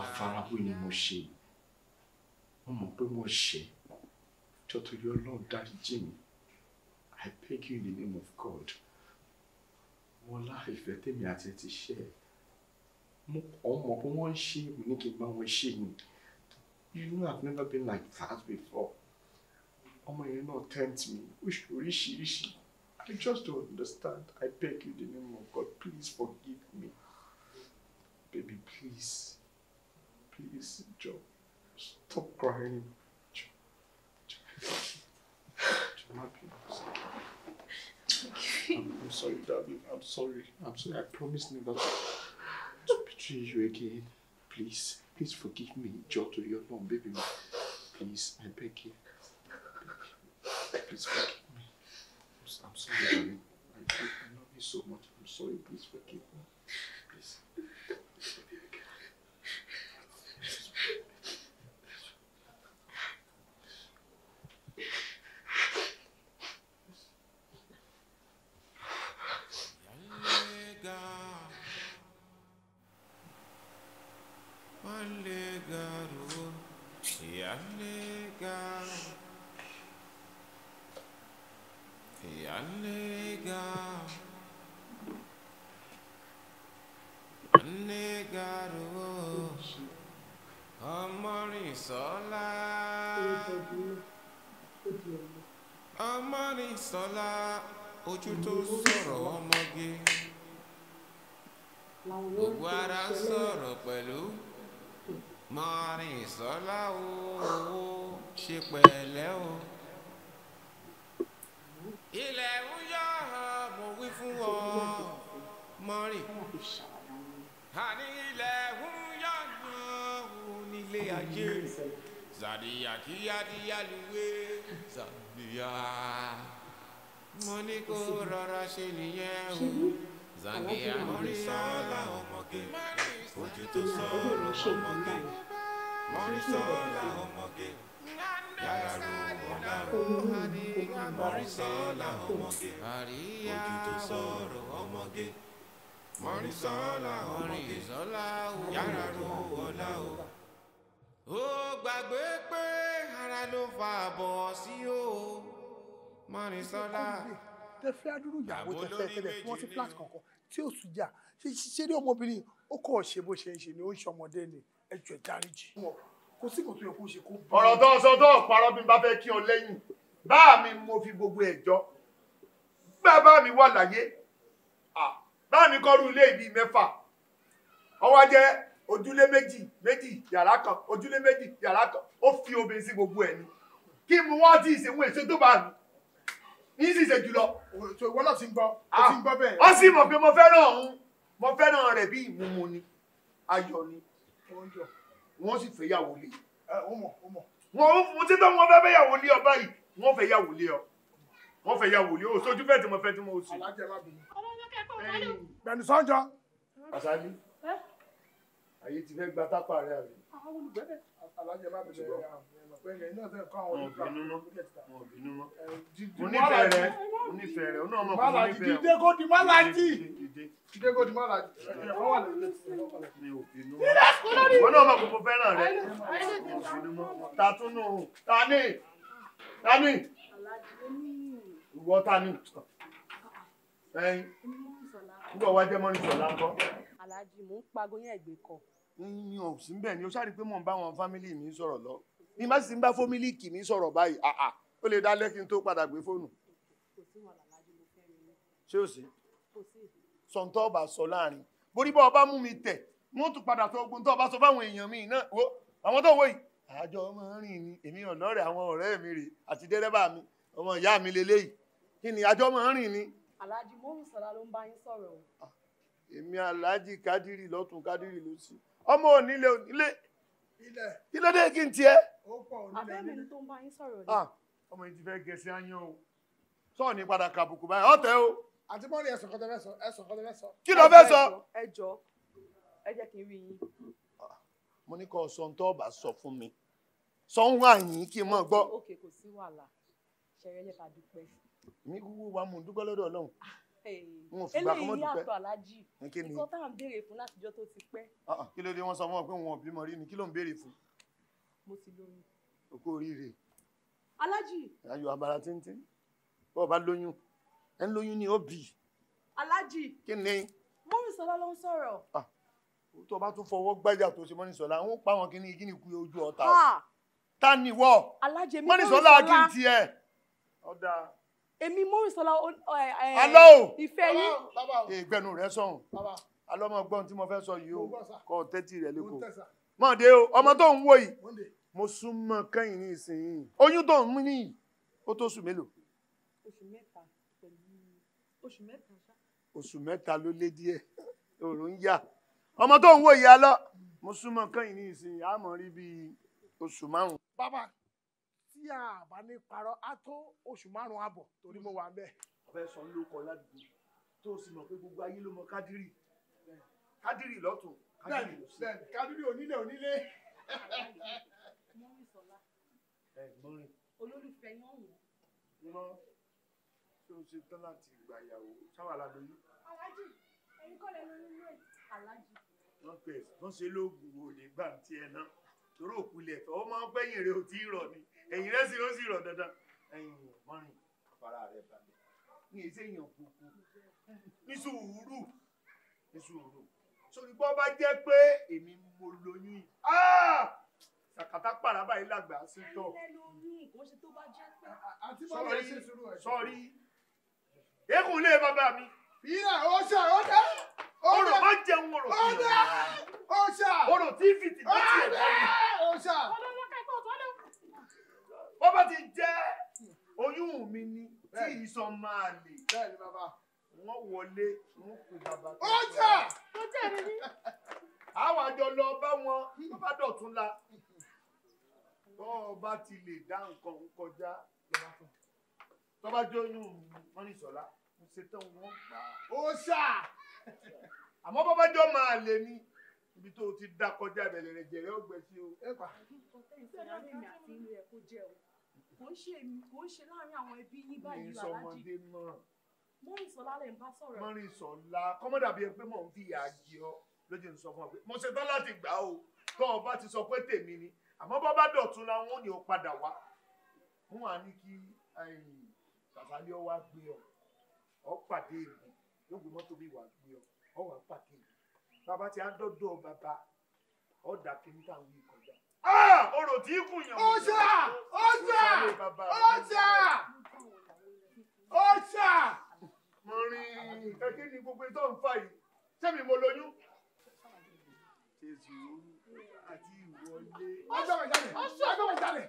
àfarawé ni mo ṣe mo mọ̀ pé mo ṣe jọ torí Ọlọ́run dáríjì mi I beg you in the name of God wọlá ìfẹ́ tèmi àti ẹ ti ṣe é mo kàn mọ̀ pé wọ́n ń ṣe èmi ní kí ni you know I've never been like that before ọmọ yẹn náà tempt me oríṣiríṣi I just don't understand I beg you the name of God please forgive me baby please please Joe stop crying Joe Joe má bínú sí i. I'm, I'm sorry, Darby. I'm sorry. I'm sorry. I promise never to betray you again. Please, please forgive me, Joto, your mom, baby. Please, I beg you. Please forgive me. I'm sorry, darling. I, I love you so much. I'm sorry. Please forgive me. Please. ojú tó sọ̀rọ̀ ọmọge gbogbo ara sọ̀rọ̀ pẹ̀lú mọ́rin ìsọ́lá owó ṣe pẹ̀lẹ́ o. ilẹ̀ ń yọ mo wí fún ọ mọ́rin àní ilẹ̀ ń yọ nílé ayé zàdíyàkíyàdíyàlúwé zàdíyà mo ní kó rọra ṣe nìyẹn o Zakia Morìsọ́lá ọmọge ojú tó sọ̀rọ̀ ọmọge Morìsọ́lá ọmọge yàrá ro ọ̀la Morìsọ́lá ọmọge ojú tó sọ̀rọ̀ ọmọge Morìsọ́lá ọmọge yàrá ro ọ̀la o. ó gbàgbé pé ara ló fa àbọ̀ sí o mọ́ni sọ́dá. tẹ fẹ́ adúrú ìyàwó tí ó sùn jà ṣe ní ọmọbìnrin ó kọ̀ ṣe bó ṣe ń ṣe ni ó ń ṣe ọmọdé ni ẹ jọ̀ọ́ dáríjì. kò sí kò tó yẹ kó ṣe kó bí. ọ̀rọ̀ tó sọ mi bá fẹ́ kí ọ lẹ́yìn bá mi mo fi gbogbo ẹ̀ jọ bàbá mi wà láyé bá mi kọ́ rú ilé ìbí mẹ́fà ọwọ́ jẹ́ ojúlé méjì méjì yàrá kan ojúlé méjì yàrá kan ó fi obìnrin sí gbogbo ẹ̀ ni kí mo wá tí ìsìnkú èso tó bá mi easy ṣe jùlọ ìwọ náà ti ń gbọ́ ó ti ń gbọ́ bẹ́ẹ̀. ó ah, sì mọ̀ pé mo fẹ́ràn òun mo fẹ́ràn rẹ̀ bí ìmúmu ni ayọ̀ ni wọ́n sì fẹ́ yàwó lé. wọ́n ti tọ́ wọn fẹ́ fẹ́ yàwó lé ọ báyìí wọ́n fẹ́ yàwó lé ọ wọ́n fẹ́ yàwó lé ọ sójú fẹ́ tí mo fẹ́ tí mo ṣe. gbẹ̀nusọ́njọ. àṣálí ayé ti fẹ́ gba tápà rẹ àbí. àwọn olùgbẹ́dẹ̀ alájẹ bá bẹ̀rẹ̀ àwọn ọ̀pẹ̀yẹ náà fẹ́ kọ́ àwọn olùgbẹ́dẹ̀ ta. mo bínú mọ́ mo nífẹ̀ẹ́ rẹ mo nífẹ̀ẹ́ rẹ onáà mọ̀ kó mo nífẹ̀ẹ́ rẹ. dídé kó di málàjì dídé kó di málàjì ẹ̀ wọ́n wà lórí ẹ̀ mi ò bínú mọ́ wọn náà mọ̀ kó mo fẹ́ràn rẹ mo bínú mọ́ ta tún nù tani tani ìwọ tani ẹyin nígbà wájẹ́ mọ́rin sọ̀lá ńkọ́. aláàjì mò ń pagó yẹn ẹ̀gbẹ́ kan mi ò sí bẹ́ẹ̀ ni o ṣáà rí i pé mò ń bá wọn fámílì mi sọ̀rọ̀ lọ bí má sì ń bá fómílì kì mí sọ̀rọ̀ báyìí àà ó lè dá lẹ́kí n tó padà gbé fóònù. ṣé o sí sọ̀ǹtọ́ ọba sọ láàrin borí bá ọba mú mi tẹ̀ wọ́n tún padà sọ ogun tó ọba sọ fáwọn èèyàn mi náà wo àwọn tó wòye àjọ ọmọ rìn ni èmi ọ̀lọ́rẹ̀ àwọn ọ̀rẹ́ mi rè àti dẹ́rẹ́bà mi ọmọ ìyá mi leléyìí kí ni àjọ ọmọ rìn ni. aláàjì mọ́rùn sọ̀rọ̀ ló ń bá ọmọ ò nílé ò nílé kí ló dé kí n tiẹ̀. abẹ́ mi tó ń bá yín sọ̀rọ̀ ni. Ah, ọmọ yìí ti fẹ́ gẹ̀ẹ́sì áyán o sọ̀rọ̀ ní padà kàbùkù báyìí ọ̀tẹ̀ o. àti bọ́ọ̀lù ẹ̀sùn kan tó fẹ́ sọ ẹ̀sùn kan tó fẹ́ sọ. kí ló fẹ́ sọ. ẹ jọ ẹ jẹ́ kí n rí yín. mo ní kó sọ tó bá sọ fún mi sọ ń wá yín kí n mọ̀ gbọ́. òkè kò sí wàhálà ṣẹ̀rẹ̀ yẹ eléyìí yàtọ̀ aláàjì nǹkan tá à ń béèrè fún látijọ́ tó ti pẹ́. Ah, ah, kí ló dé wọn sọ fún ọ pé wọn ò bímọ rí ni kí ló ń béèrè fún. mo ti lóyún. òkú oríire. aláàjì. ayò abara tíntín bó o bá lóyún ẹ ń lóyún ní òbí. aláàjì. kí ni. mọ́rìnsọ́lá ló ń sọ̀rọ̀. Ah, tó o bá tún fọwọ́ gbájà tó ṣe mọ́rìnsọ́lá ń pa wọn kí ni kí ni kú ojú ọ̀tá o. ta ni wọ. alájẹmí mọ́rìnsọ́lá kí n tiẹ̀. ọ̀dà èmi Mọ́rìnsọ́lá ìfẹ́ yín. ìgbẹ́nu rẹ̀ sọ̀hún alọ́mọ gbọ́n tí mo fẹ́ sọ yìí o kọ́ tẹ́tí rẹ̀ lẹ́kọ̀ọ́ mọ̀ dé o ọmọ tó ń wò yìí mo sún mọ́ kẹ́yìn ní ìsinyìí oyún tó ń mú nìyí ó tó oṣù mélòó. oṣù mẹ́ta pẹ̀lú oṣù mẹ́ta ṣá. oṣù mẹ́ta ló lé díẹ̀ òòrùn ń yà ọmọ tó ń wò yìí alọ́ mo sún mọ́ kẹ́yìn ní ìsinyìí àmọ́ rí bíi oṣù márùn-ún. bàbá tí a bá ní parọ́ á tó oṣù márùn-ún àbọ̀ torí mo wà bẹ́ẹ̀. ọ̀fẹ́ sọ ló kọ ládùúgbò tó o sì mọ̀ pé gbogbo ayé ló mọ kádírì kádírì lọ́tún kádírì lọ́sí. bẹ́ẹ̀ kádírì onílé onílé. mọ́rin sọlá olólùfẹ́ yín ọ̀hún. mọ́ ṣé o ṣe tán láti gba ìyàwó sáwà ládóyún. aláàjì ẹ̀yin kọ́ lẹ́nu nínú ẹ̀ aláàjì. wọ́n pẹ̀ wọ́n ṣe lóògùn olè gbàǹtí ẹ̀ náà torí òkú ilẹ̀ fẹ́ wọ́n máa ń ò tí ì rọ̀ ni ẹ̀yìn rẹ̀ sì ló sì rọ̀ dandan ẹ̀yìn rẹ̀ mọ́rin fara rẹ̀ balẹ̀ ní èsì èèyàn kúkú ní sùúrù ní sùúrù sórí bọ́ bá jẹ́ pé èmi mo lóyún ah! sàkátà pàràbà yìí làgbà sí tọ̀ sọrí sọrí èkùn lé bàbá mi. ìyá ọṣà ọdẹ ọdẹ ọdẹ ọṣà ọdẹ ọṣà ọdẹ ọṣà bó bá ti jẹ́ oyún mi ni tí ìsàn máa lè. bẹ́ẹ̀ ni bàbá wọ́n wọlé wọ́n kú bàbá. ó jà ó jà mí ní. àwọn àjọ lọ bá wọn wọ́n bá dọ̀tún la bọ́ bá ti lè dá nǹkan kọjá lọ́wọ́ fún un tọ́ba jóyún wọn ní sọ̀lá ṣetán wọn gbà. ó ṣà àmọ́ bọ́bá jọ máa lè ní ibi tó o ti dá kọjá ìbẹ̀lẹ̀ rẹ̀ jẹ̀rẹ̀ ọ̀gbẹ́ sí o. ẹ pa. kò ń ṣe láàrin àwọn ẹbí yín báyìí alájí. ìsọmọdé náà. mọ́rin sọlá lẹ̀ ń bá sọ̀rọ̀. mọ́rin sọlá kọ́mọ́dà bíi pé mò ń fi ìyà jẹ ọ́ lójú ń sọ fún ọ pé mo ṣe tán láti gbà o tó o bá ti sọ pé tèmi ni àmọ́ bọ́ bá dọ̀tun la wọn ò ní o padà wá. wọ́n wà ní kí Sàsálí ọ wá gbé ọ ọ pàdé mi yóò gbé mọ́tò mi wá gbé ọ ọ wà pàdé bàbá tí a dọ́dọ̀ bàbá ọ̀dà kìíní tá à ń wí kọjá. ọ̀rọ̀ ah! tí kù yàn. ọjà ọjà ọjà ọjà. mo rin kẹ́kẹ́ ní gbogbo tó ń fà yìí sẹ́mi mo lóyún. jésù àti ìwọlé. ọjọ́ ìjàlẹ̀ ọjọ́ ìjàlẹ̀.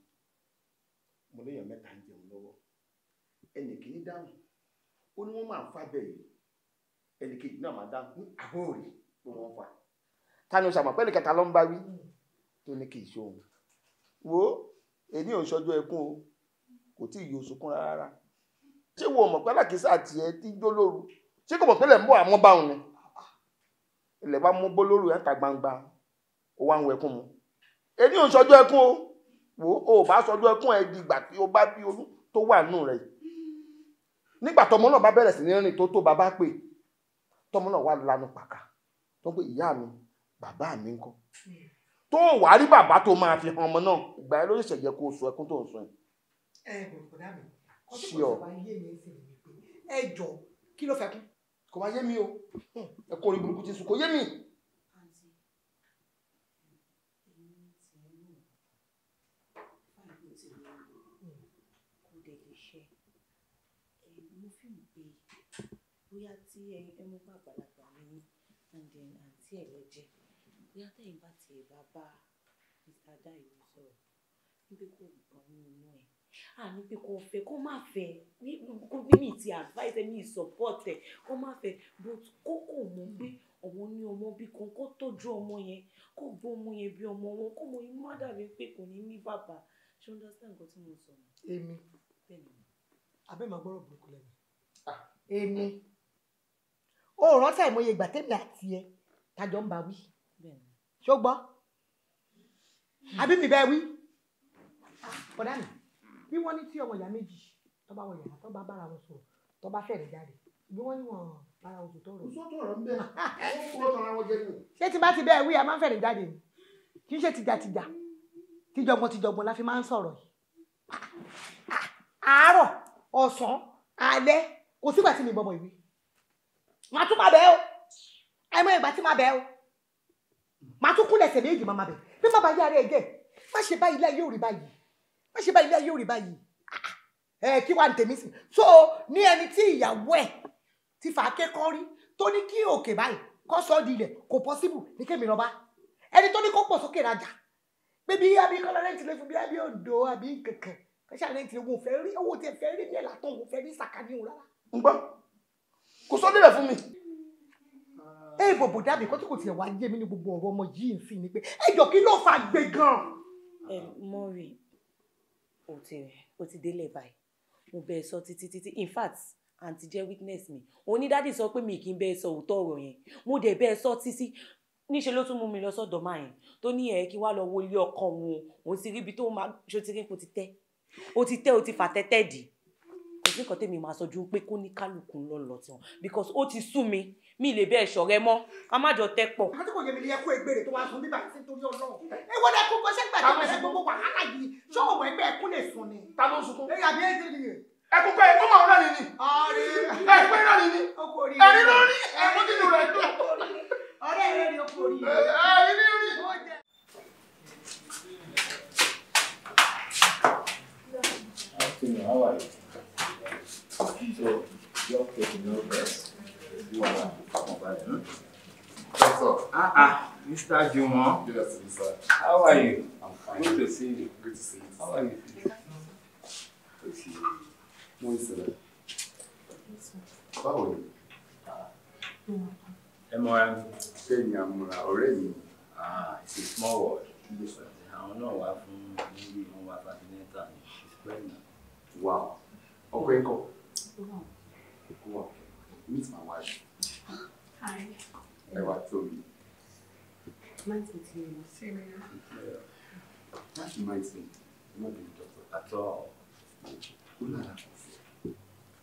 mo léèyàn mẹ́ta ń jẹun lọ́wọ́ ẹnì kìíní dáhùn ó ní wọ́n máa ń fa bẹ́ẹ̀ yìí ẹnì kejì náà máa dáhùn ní àbóòrè pé wọ́n fa tani o ṣàmọ̀ pẹ́ẹ́nì kẹta ló ń bá wí tó ní kì í ṣohun wo èmi ò ń ṣọjọ́ ẹkún o kò tí ì yóò sunkún rárá ṣé wo mọ̀ pé alákìísà àti ẹ ti jó lóru ṣé kò mọ̀ pé lẹ́mú àmọ́ bá òun ni ilẹ̀ bá mú bó lóru ẹ̀ ń ta gbangba ó wá ń wẹkún mu èmi ò ń ṣọjọ́ ẹkún o o bá sọjú ẹkún ẹ di ìgbà tí o bá bí oyún tó wà nù rẹ nígbà tọmọ náà bá bẹ̀rẹ̀ sí ní rìn tó tó bàbá pè tọmọ náà wà lanu pàkà tó pé ìyá mi bàbá mi ń kọ́ tó wà á rí bàbá tó máa fi hàn ọmọ náà ìgbà yẹn ló yẹ kó o sọ ẹkún tó ń sọ yẹn. ẹ ẹ kò dá mi kó tó kò tó bá yé mi sí ẹ jọ kí ló fẹ́ kún. kò wá yé mi o ẹ kó orin burúkú ti sùn kò yé mi. bóyá tí ẹ mú bá àgbàlagbà ní and then àǹtí ẹ̀ lọ́jẹ́ bóyá tẹ̀yìn bá tiẹ̀ bá bá Mr. Dayo sọ̀rọ̀ níbi kò gbọ́n nínú ẹ̀ à ní pé kò fẹ́ kó má fẹ́ kó bí mi ti advise mi support ẹ̀ kó má fẹ́ but kó kò mú gbé ọ̀wọ́n ní ọmọ bí kan kó tọ́jú ọmọ yẹn kó gbọ́ ọmọ yẹn bí ọmọ wọn kó mọ inú má dàbí pé kò ní ní bàbá ṣé o understand nǹkan tí mo sọ. èmi abẹ́ màá gbọ́rọ̀ burúkú lẹ́nu ah. èmi o rántí àìmọye ìgbà tèmi àti ẹ tájọ ń bá wí ṣó gbọ́ àbí mi bẹ́ẹ̀ wí ọ̀dà mi bí wọ́n ní tí ọmọ ìyá méjì tó bá yàrá tó bára wọn sọ̀rọ̀ tó fẹ̀rẹ̀ jáde bí wọ́n ní wọn bára wọn sọ̀tọ̀ rọ̀. sọ́tọ̀ rẹ̀ ń bẹ̀ wọ́n kúrò tọ́ra wọn jẹ́ ṣé tí bá ti bẹ́ẹ̀ wí a máa ń fẹ̀rẹ̀ jáde ni kì í ṣe tìjàtìjà tìjọ̀gbọ̀n tìjọ̀gbọ̀n la fi máa ń sọ̀rọ̀ yìí. àárọ̀ ọ̀sán alẹ́ kò sígbà tí mi bọ̀ ìwé màá tún máa bẹ̀ ẹ́ o àìmọye ìgbà tí máa bẹ̀ ẹ́ o màá tún kúnlẹ̀ ẹsẹ̀ méjì máa máa bẹ̀ bí má ba yá ara ẹ̀ gẹ̀ má ṣe báyìí ilé ayé ò rí báyìí má ṣe báyìí ilé ayé ò báyìí ẹ ah, eh, kí wàá tèmi sí so ní ẹni tí ìyàwó ẹ̀ ti fà á kẹ́kọ̀ọ́ rí tó ní kí òkè báyìí kọ́ sọ́ di ilẹ̀ kò pọ́síbù ní kémi lọ́ba ẹni tó ní kó pọ̀ sókè rajà pé bí abikọ́lá rẹ́ǹtì lè fún bí abí odò àbí kẹ̀kẹ́ kẹ́sà rẹ́ǹtì owó fẹ́ rí owó tiẹ̀ fẹ́ rí ní ẹ̀ látọ̀ òun fẹ́ rí sàkání rárá. ń kò sọ débẹ̀ fún mi. ẹ bòbò dàbí kó tí kò tiẹ̀ wá yé mi ní gbogbo ọ̀rọ̀ ọmọ yìí ń sìn ni pé ẹ jọ kí ló fà gbé gan. ẹ mọ́rì o ti o ti délé báyìí mo bẹ́ẹ̀ sọ títí títí in fact àǹtí jẹ́ witness mi onídàdí sọ pé mi kì í bẹ́ẹ̀ sọ òótọ́ ọ̀rọ̀ yẹn mo dẹ̀ bẹ́ẹ̀ sọ títí níṣẹ́ ló tún mú mi lọ sọ́dọ̀ máa yẹn tó ní ẹ̀ kí wá lọ wo ilé ọkọ òun ti rí tó máa ṣó ti rí ti tẹ́ o ti tẹ́ o ti fà tẹ́tẹ́ dì í sí nǹkan tèmi máa sọjú pé kó ní kálukú ń lọ lọ tiwọn because ó ti sú mi mi lè bẹ́ẹ̀ ṣọ̀rẹ́ mọ́ a má jọ tẹ́ pọ̀. àti kò yẹ mi ní ẹkú egbèrè tó wá sùn bíbá sí torí ọlọ́run. ewo lẹ kó kọsẹ́ gbà tó gbogbo wàhálà yìí ṣọ́wọ́ mọ̀ ẹgbẹ́ ẹkú lè sùn ni. ta ló sunkún. ẹyà bí ẹ ẹkún pé ẹkún máa ń rẹ́ni ni. ni. ẹni ló ẹkún nínú How are you? So, Ah, Mr. Jumon. Good afternoon, sir. How are you? I'm fine. Good to see you. Good to see you. How are you? Good to see you. Mo ń sọ̀rọ̀. Báwo ni? Ẹ mọ̀ra mi. Ṣé ni àmúra ọ̀rẹ́ mi? Ah, it's small Wow. Okay, cool go on. Meet my wife. Hi. Ẹwà Tóbi. told me to you. Same here. Yeah. That reminds me. I'm not being doctor at all. Who are you?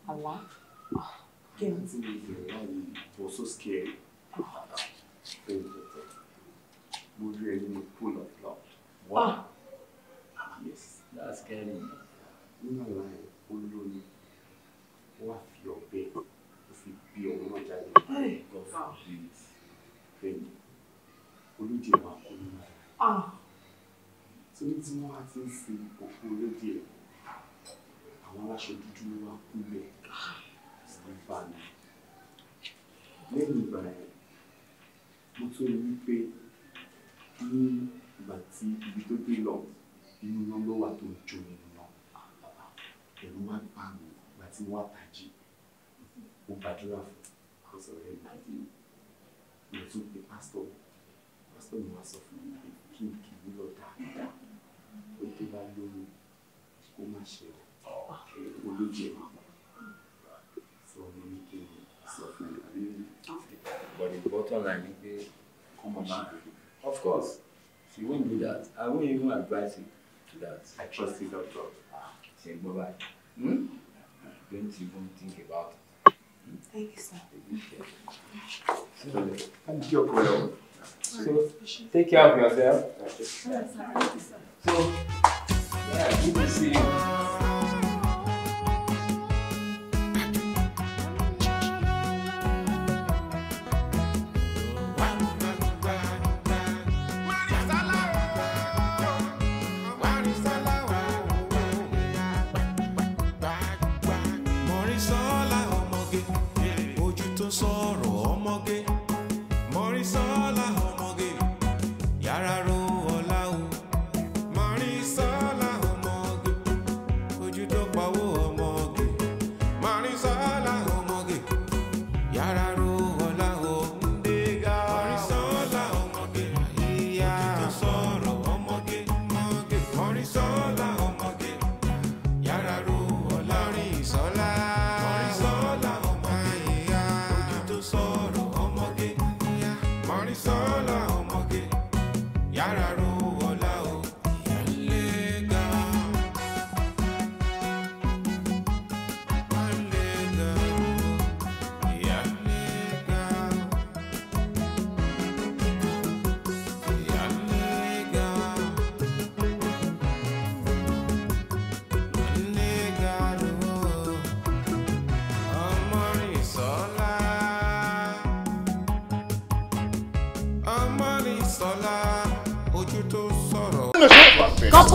Allah? Kim? That thing is why you were so scared. Being doctor. Would you any pool of blood? What? Yes. That's scary. You're not lying. Olórí wọ́n á fi ọ̀bẹ ó fi gbé ọmọ náà jáde lọ sí fẹ́mi olóde máa kú ní ara ah! tí ní tí wọ́n á ti ń fi òkú olóde ẹ̀ àwọn aláṣọ dúdú ló wá kú bẹ́ẹ̀ ìgbà náà lẹ́yìn ìgbà yẹn mo tún rí wípé ní ìgbà tí ibi tó dé lọ inú iná ló wà tó jó nínú náà ẹ̀rù wá gbà mí tí mo wá tají mo gbàdúrà fún kó sọ̀rọ̀ ẹ̀ mo tún pe pásítọ̀ pásítọ̀ mi wá sọ fún mi pé kí n kì í lọ dáadáa pé tó bá lóyún kó má ṣe olójú ẹ̀ máa sọ mi ní kí n sọ fún mi. but the bottom line ni pé kó mọ̀ máa of course she won't do that I won't even advise you to that. I trust you doctor. Ah, ṣe gbọ́ báyìí. Hmm? don't even think about it. Thank you, sir. Thank you, So, take care of yourself. So, yeah, good to see you.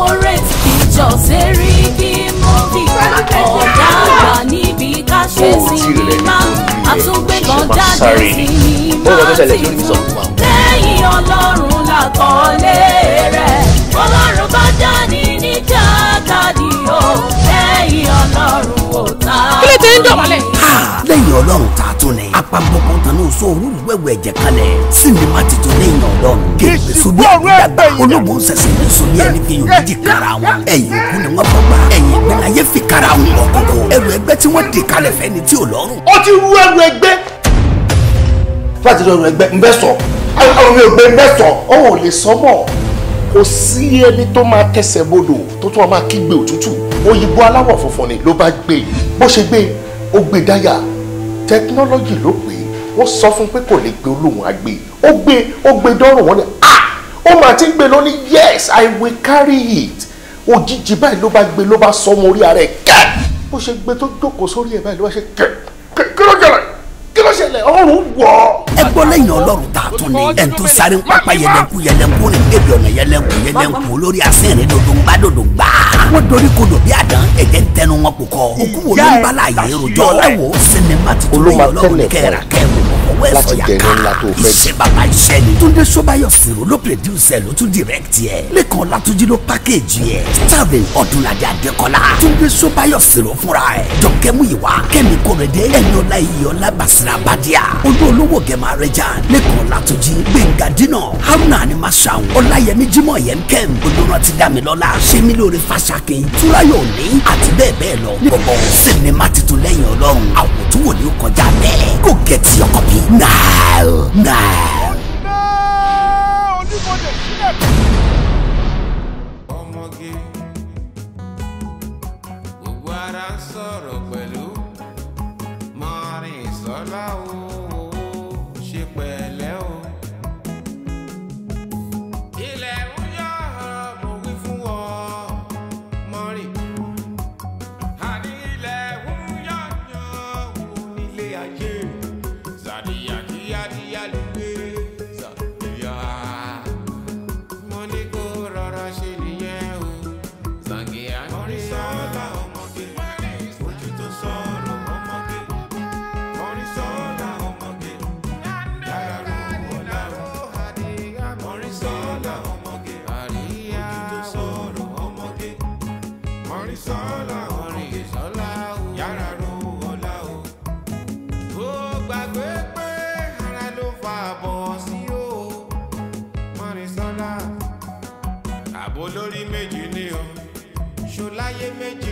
corporate picture Seriki movie ọ̀gá àgbà níbi ká ṣe oh, sinimá àtúgbé kan jáde sinimá tìlú lẹ́yìn ọlọ́run làkọ́lé rẹ̀ ọlọ́run bá dání ní jákàdí o lẹ́yìn ọlọ́run ò ta. kí ló ti ń dọ̀bálẹ̀. lẹ́yìn ọlọ́run ta tuni apamọ́kọ́ tán ní oṣù òru wẹ̀wẹ̀ ẹ̀jẹ̀ kalẹ̀ sinima ti tún ní ìyàn ọ̀dọ́ gègbè sóbi àgbàgbà olóògùn sẹ̀sẹ̀ ní sóbi ẹni fi yòó méjì kára wọn ẹ̀yìn òkú ni wọ́n fọ́gbà ẹ̀yìn ìgbẹ́ni ayé fi kára wọn ọ̀kọ̀kọ̀ ẹrù ẹgbẹ́ tí wọ́n dè kalẹ̀ fẹ́ni tí ò lọ́rùn. ó ti rú ẹrù ẹgbẹ́. láti rú ẹrù ẹgbẹ́ nbẹ sọ àwọn ẹgbẹ́ nbẹ sọ ọ ò lè sọ mọ́ kò sí ẹni tó máa tẹsẹ̀ bodò tó tún máa kígbe òtútù òyìnbó aláwọ̀ funfun ni ló bá gbé bó ṣe gbé ó gbé dáyà Technology, ló pè é wọ́n sọ fún pé kò lè gbé olóhùn àgbè ó gbé ó gbé dọ́rùn wọn ni ah ó mà ti gbé lọ ní yes i will carry it òjijì báyìí ló bá gbé ló bá sọ ọmọ orí ara ẹ̀ kẹ́ bó ṣe gbé tó jókòó sórí ẹ̀ báyìí ló bá ṣe kẹ́ kí ló ṣẹlẹ̀ kí ló ṣẹlẹ̀ ọrùn wọ̀ ẹ gbọ́ lẹ́yìn ọlọ́run tá a tún ni ẹ̀ ń tó sáré ń pápá yẹlẹ́nkú yẹlẹ́nkú rìn débi ọ̀nà yẹlẹ́nkú yẹlẹ́nkú lórí asẹ́rìn dòdòǹgbà dòdòǹgbà. wọ́n dorí kodò bí àdán ẹ̀jẹ̀ ń tẹnu wọn kò kọ́ òkú wo ló ń bá láàyè rojọ́ ẹ̀ wò ó sinimá ti tún lẹ́yìn ọlọ́run kẹ́ẹ̀rà kẹ́ẹ̀rù ọwọ́ ẹ̀ sọ̀yà ká iṣẹ́ bàbá iṣẹ́ ni. túndé sọ́báyọ̀ sìrò ló pèdúsẹ̀ ló tún dìrẹ́kìtì ẹ̀ lẹ́kàn ọ̀làtúnjì ló pákéjì ẹ̀ starring ọdúnladé adékọ́lá túndé sọ́báyọ̀ sìrò fúnra ẹ̀ dọ̀kẹ́múyìwá kẹ́mi kórèdé ẹ̀yọ́lá iyọ̀lá basira badia olú olówó gẹ̀mà rẹjà lẹ́kàn ọ̀làtúnjì gbẹ̀ngà dínà haruna ni masaun ọláyẹmí jimoh yẹn kẹ́m olùrántí dámilọ́lá sẹ́mílóore fàṣàkè túráyọ̀ òní àti bẹ́ẹ̀ bẹ́ẹ̀ lọ gbogbo sinimá titun lẹ́yìn ọlọ́run àwòtúwò ni ó kọjá bẹ́ẹ̀ kò gẹ̀tì ọkọ̀ b No! now. No! Onímọ̀dé sílẹ̀. ye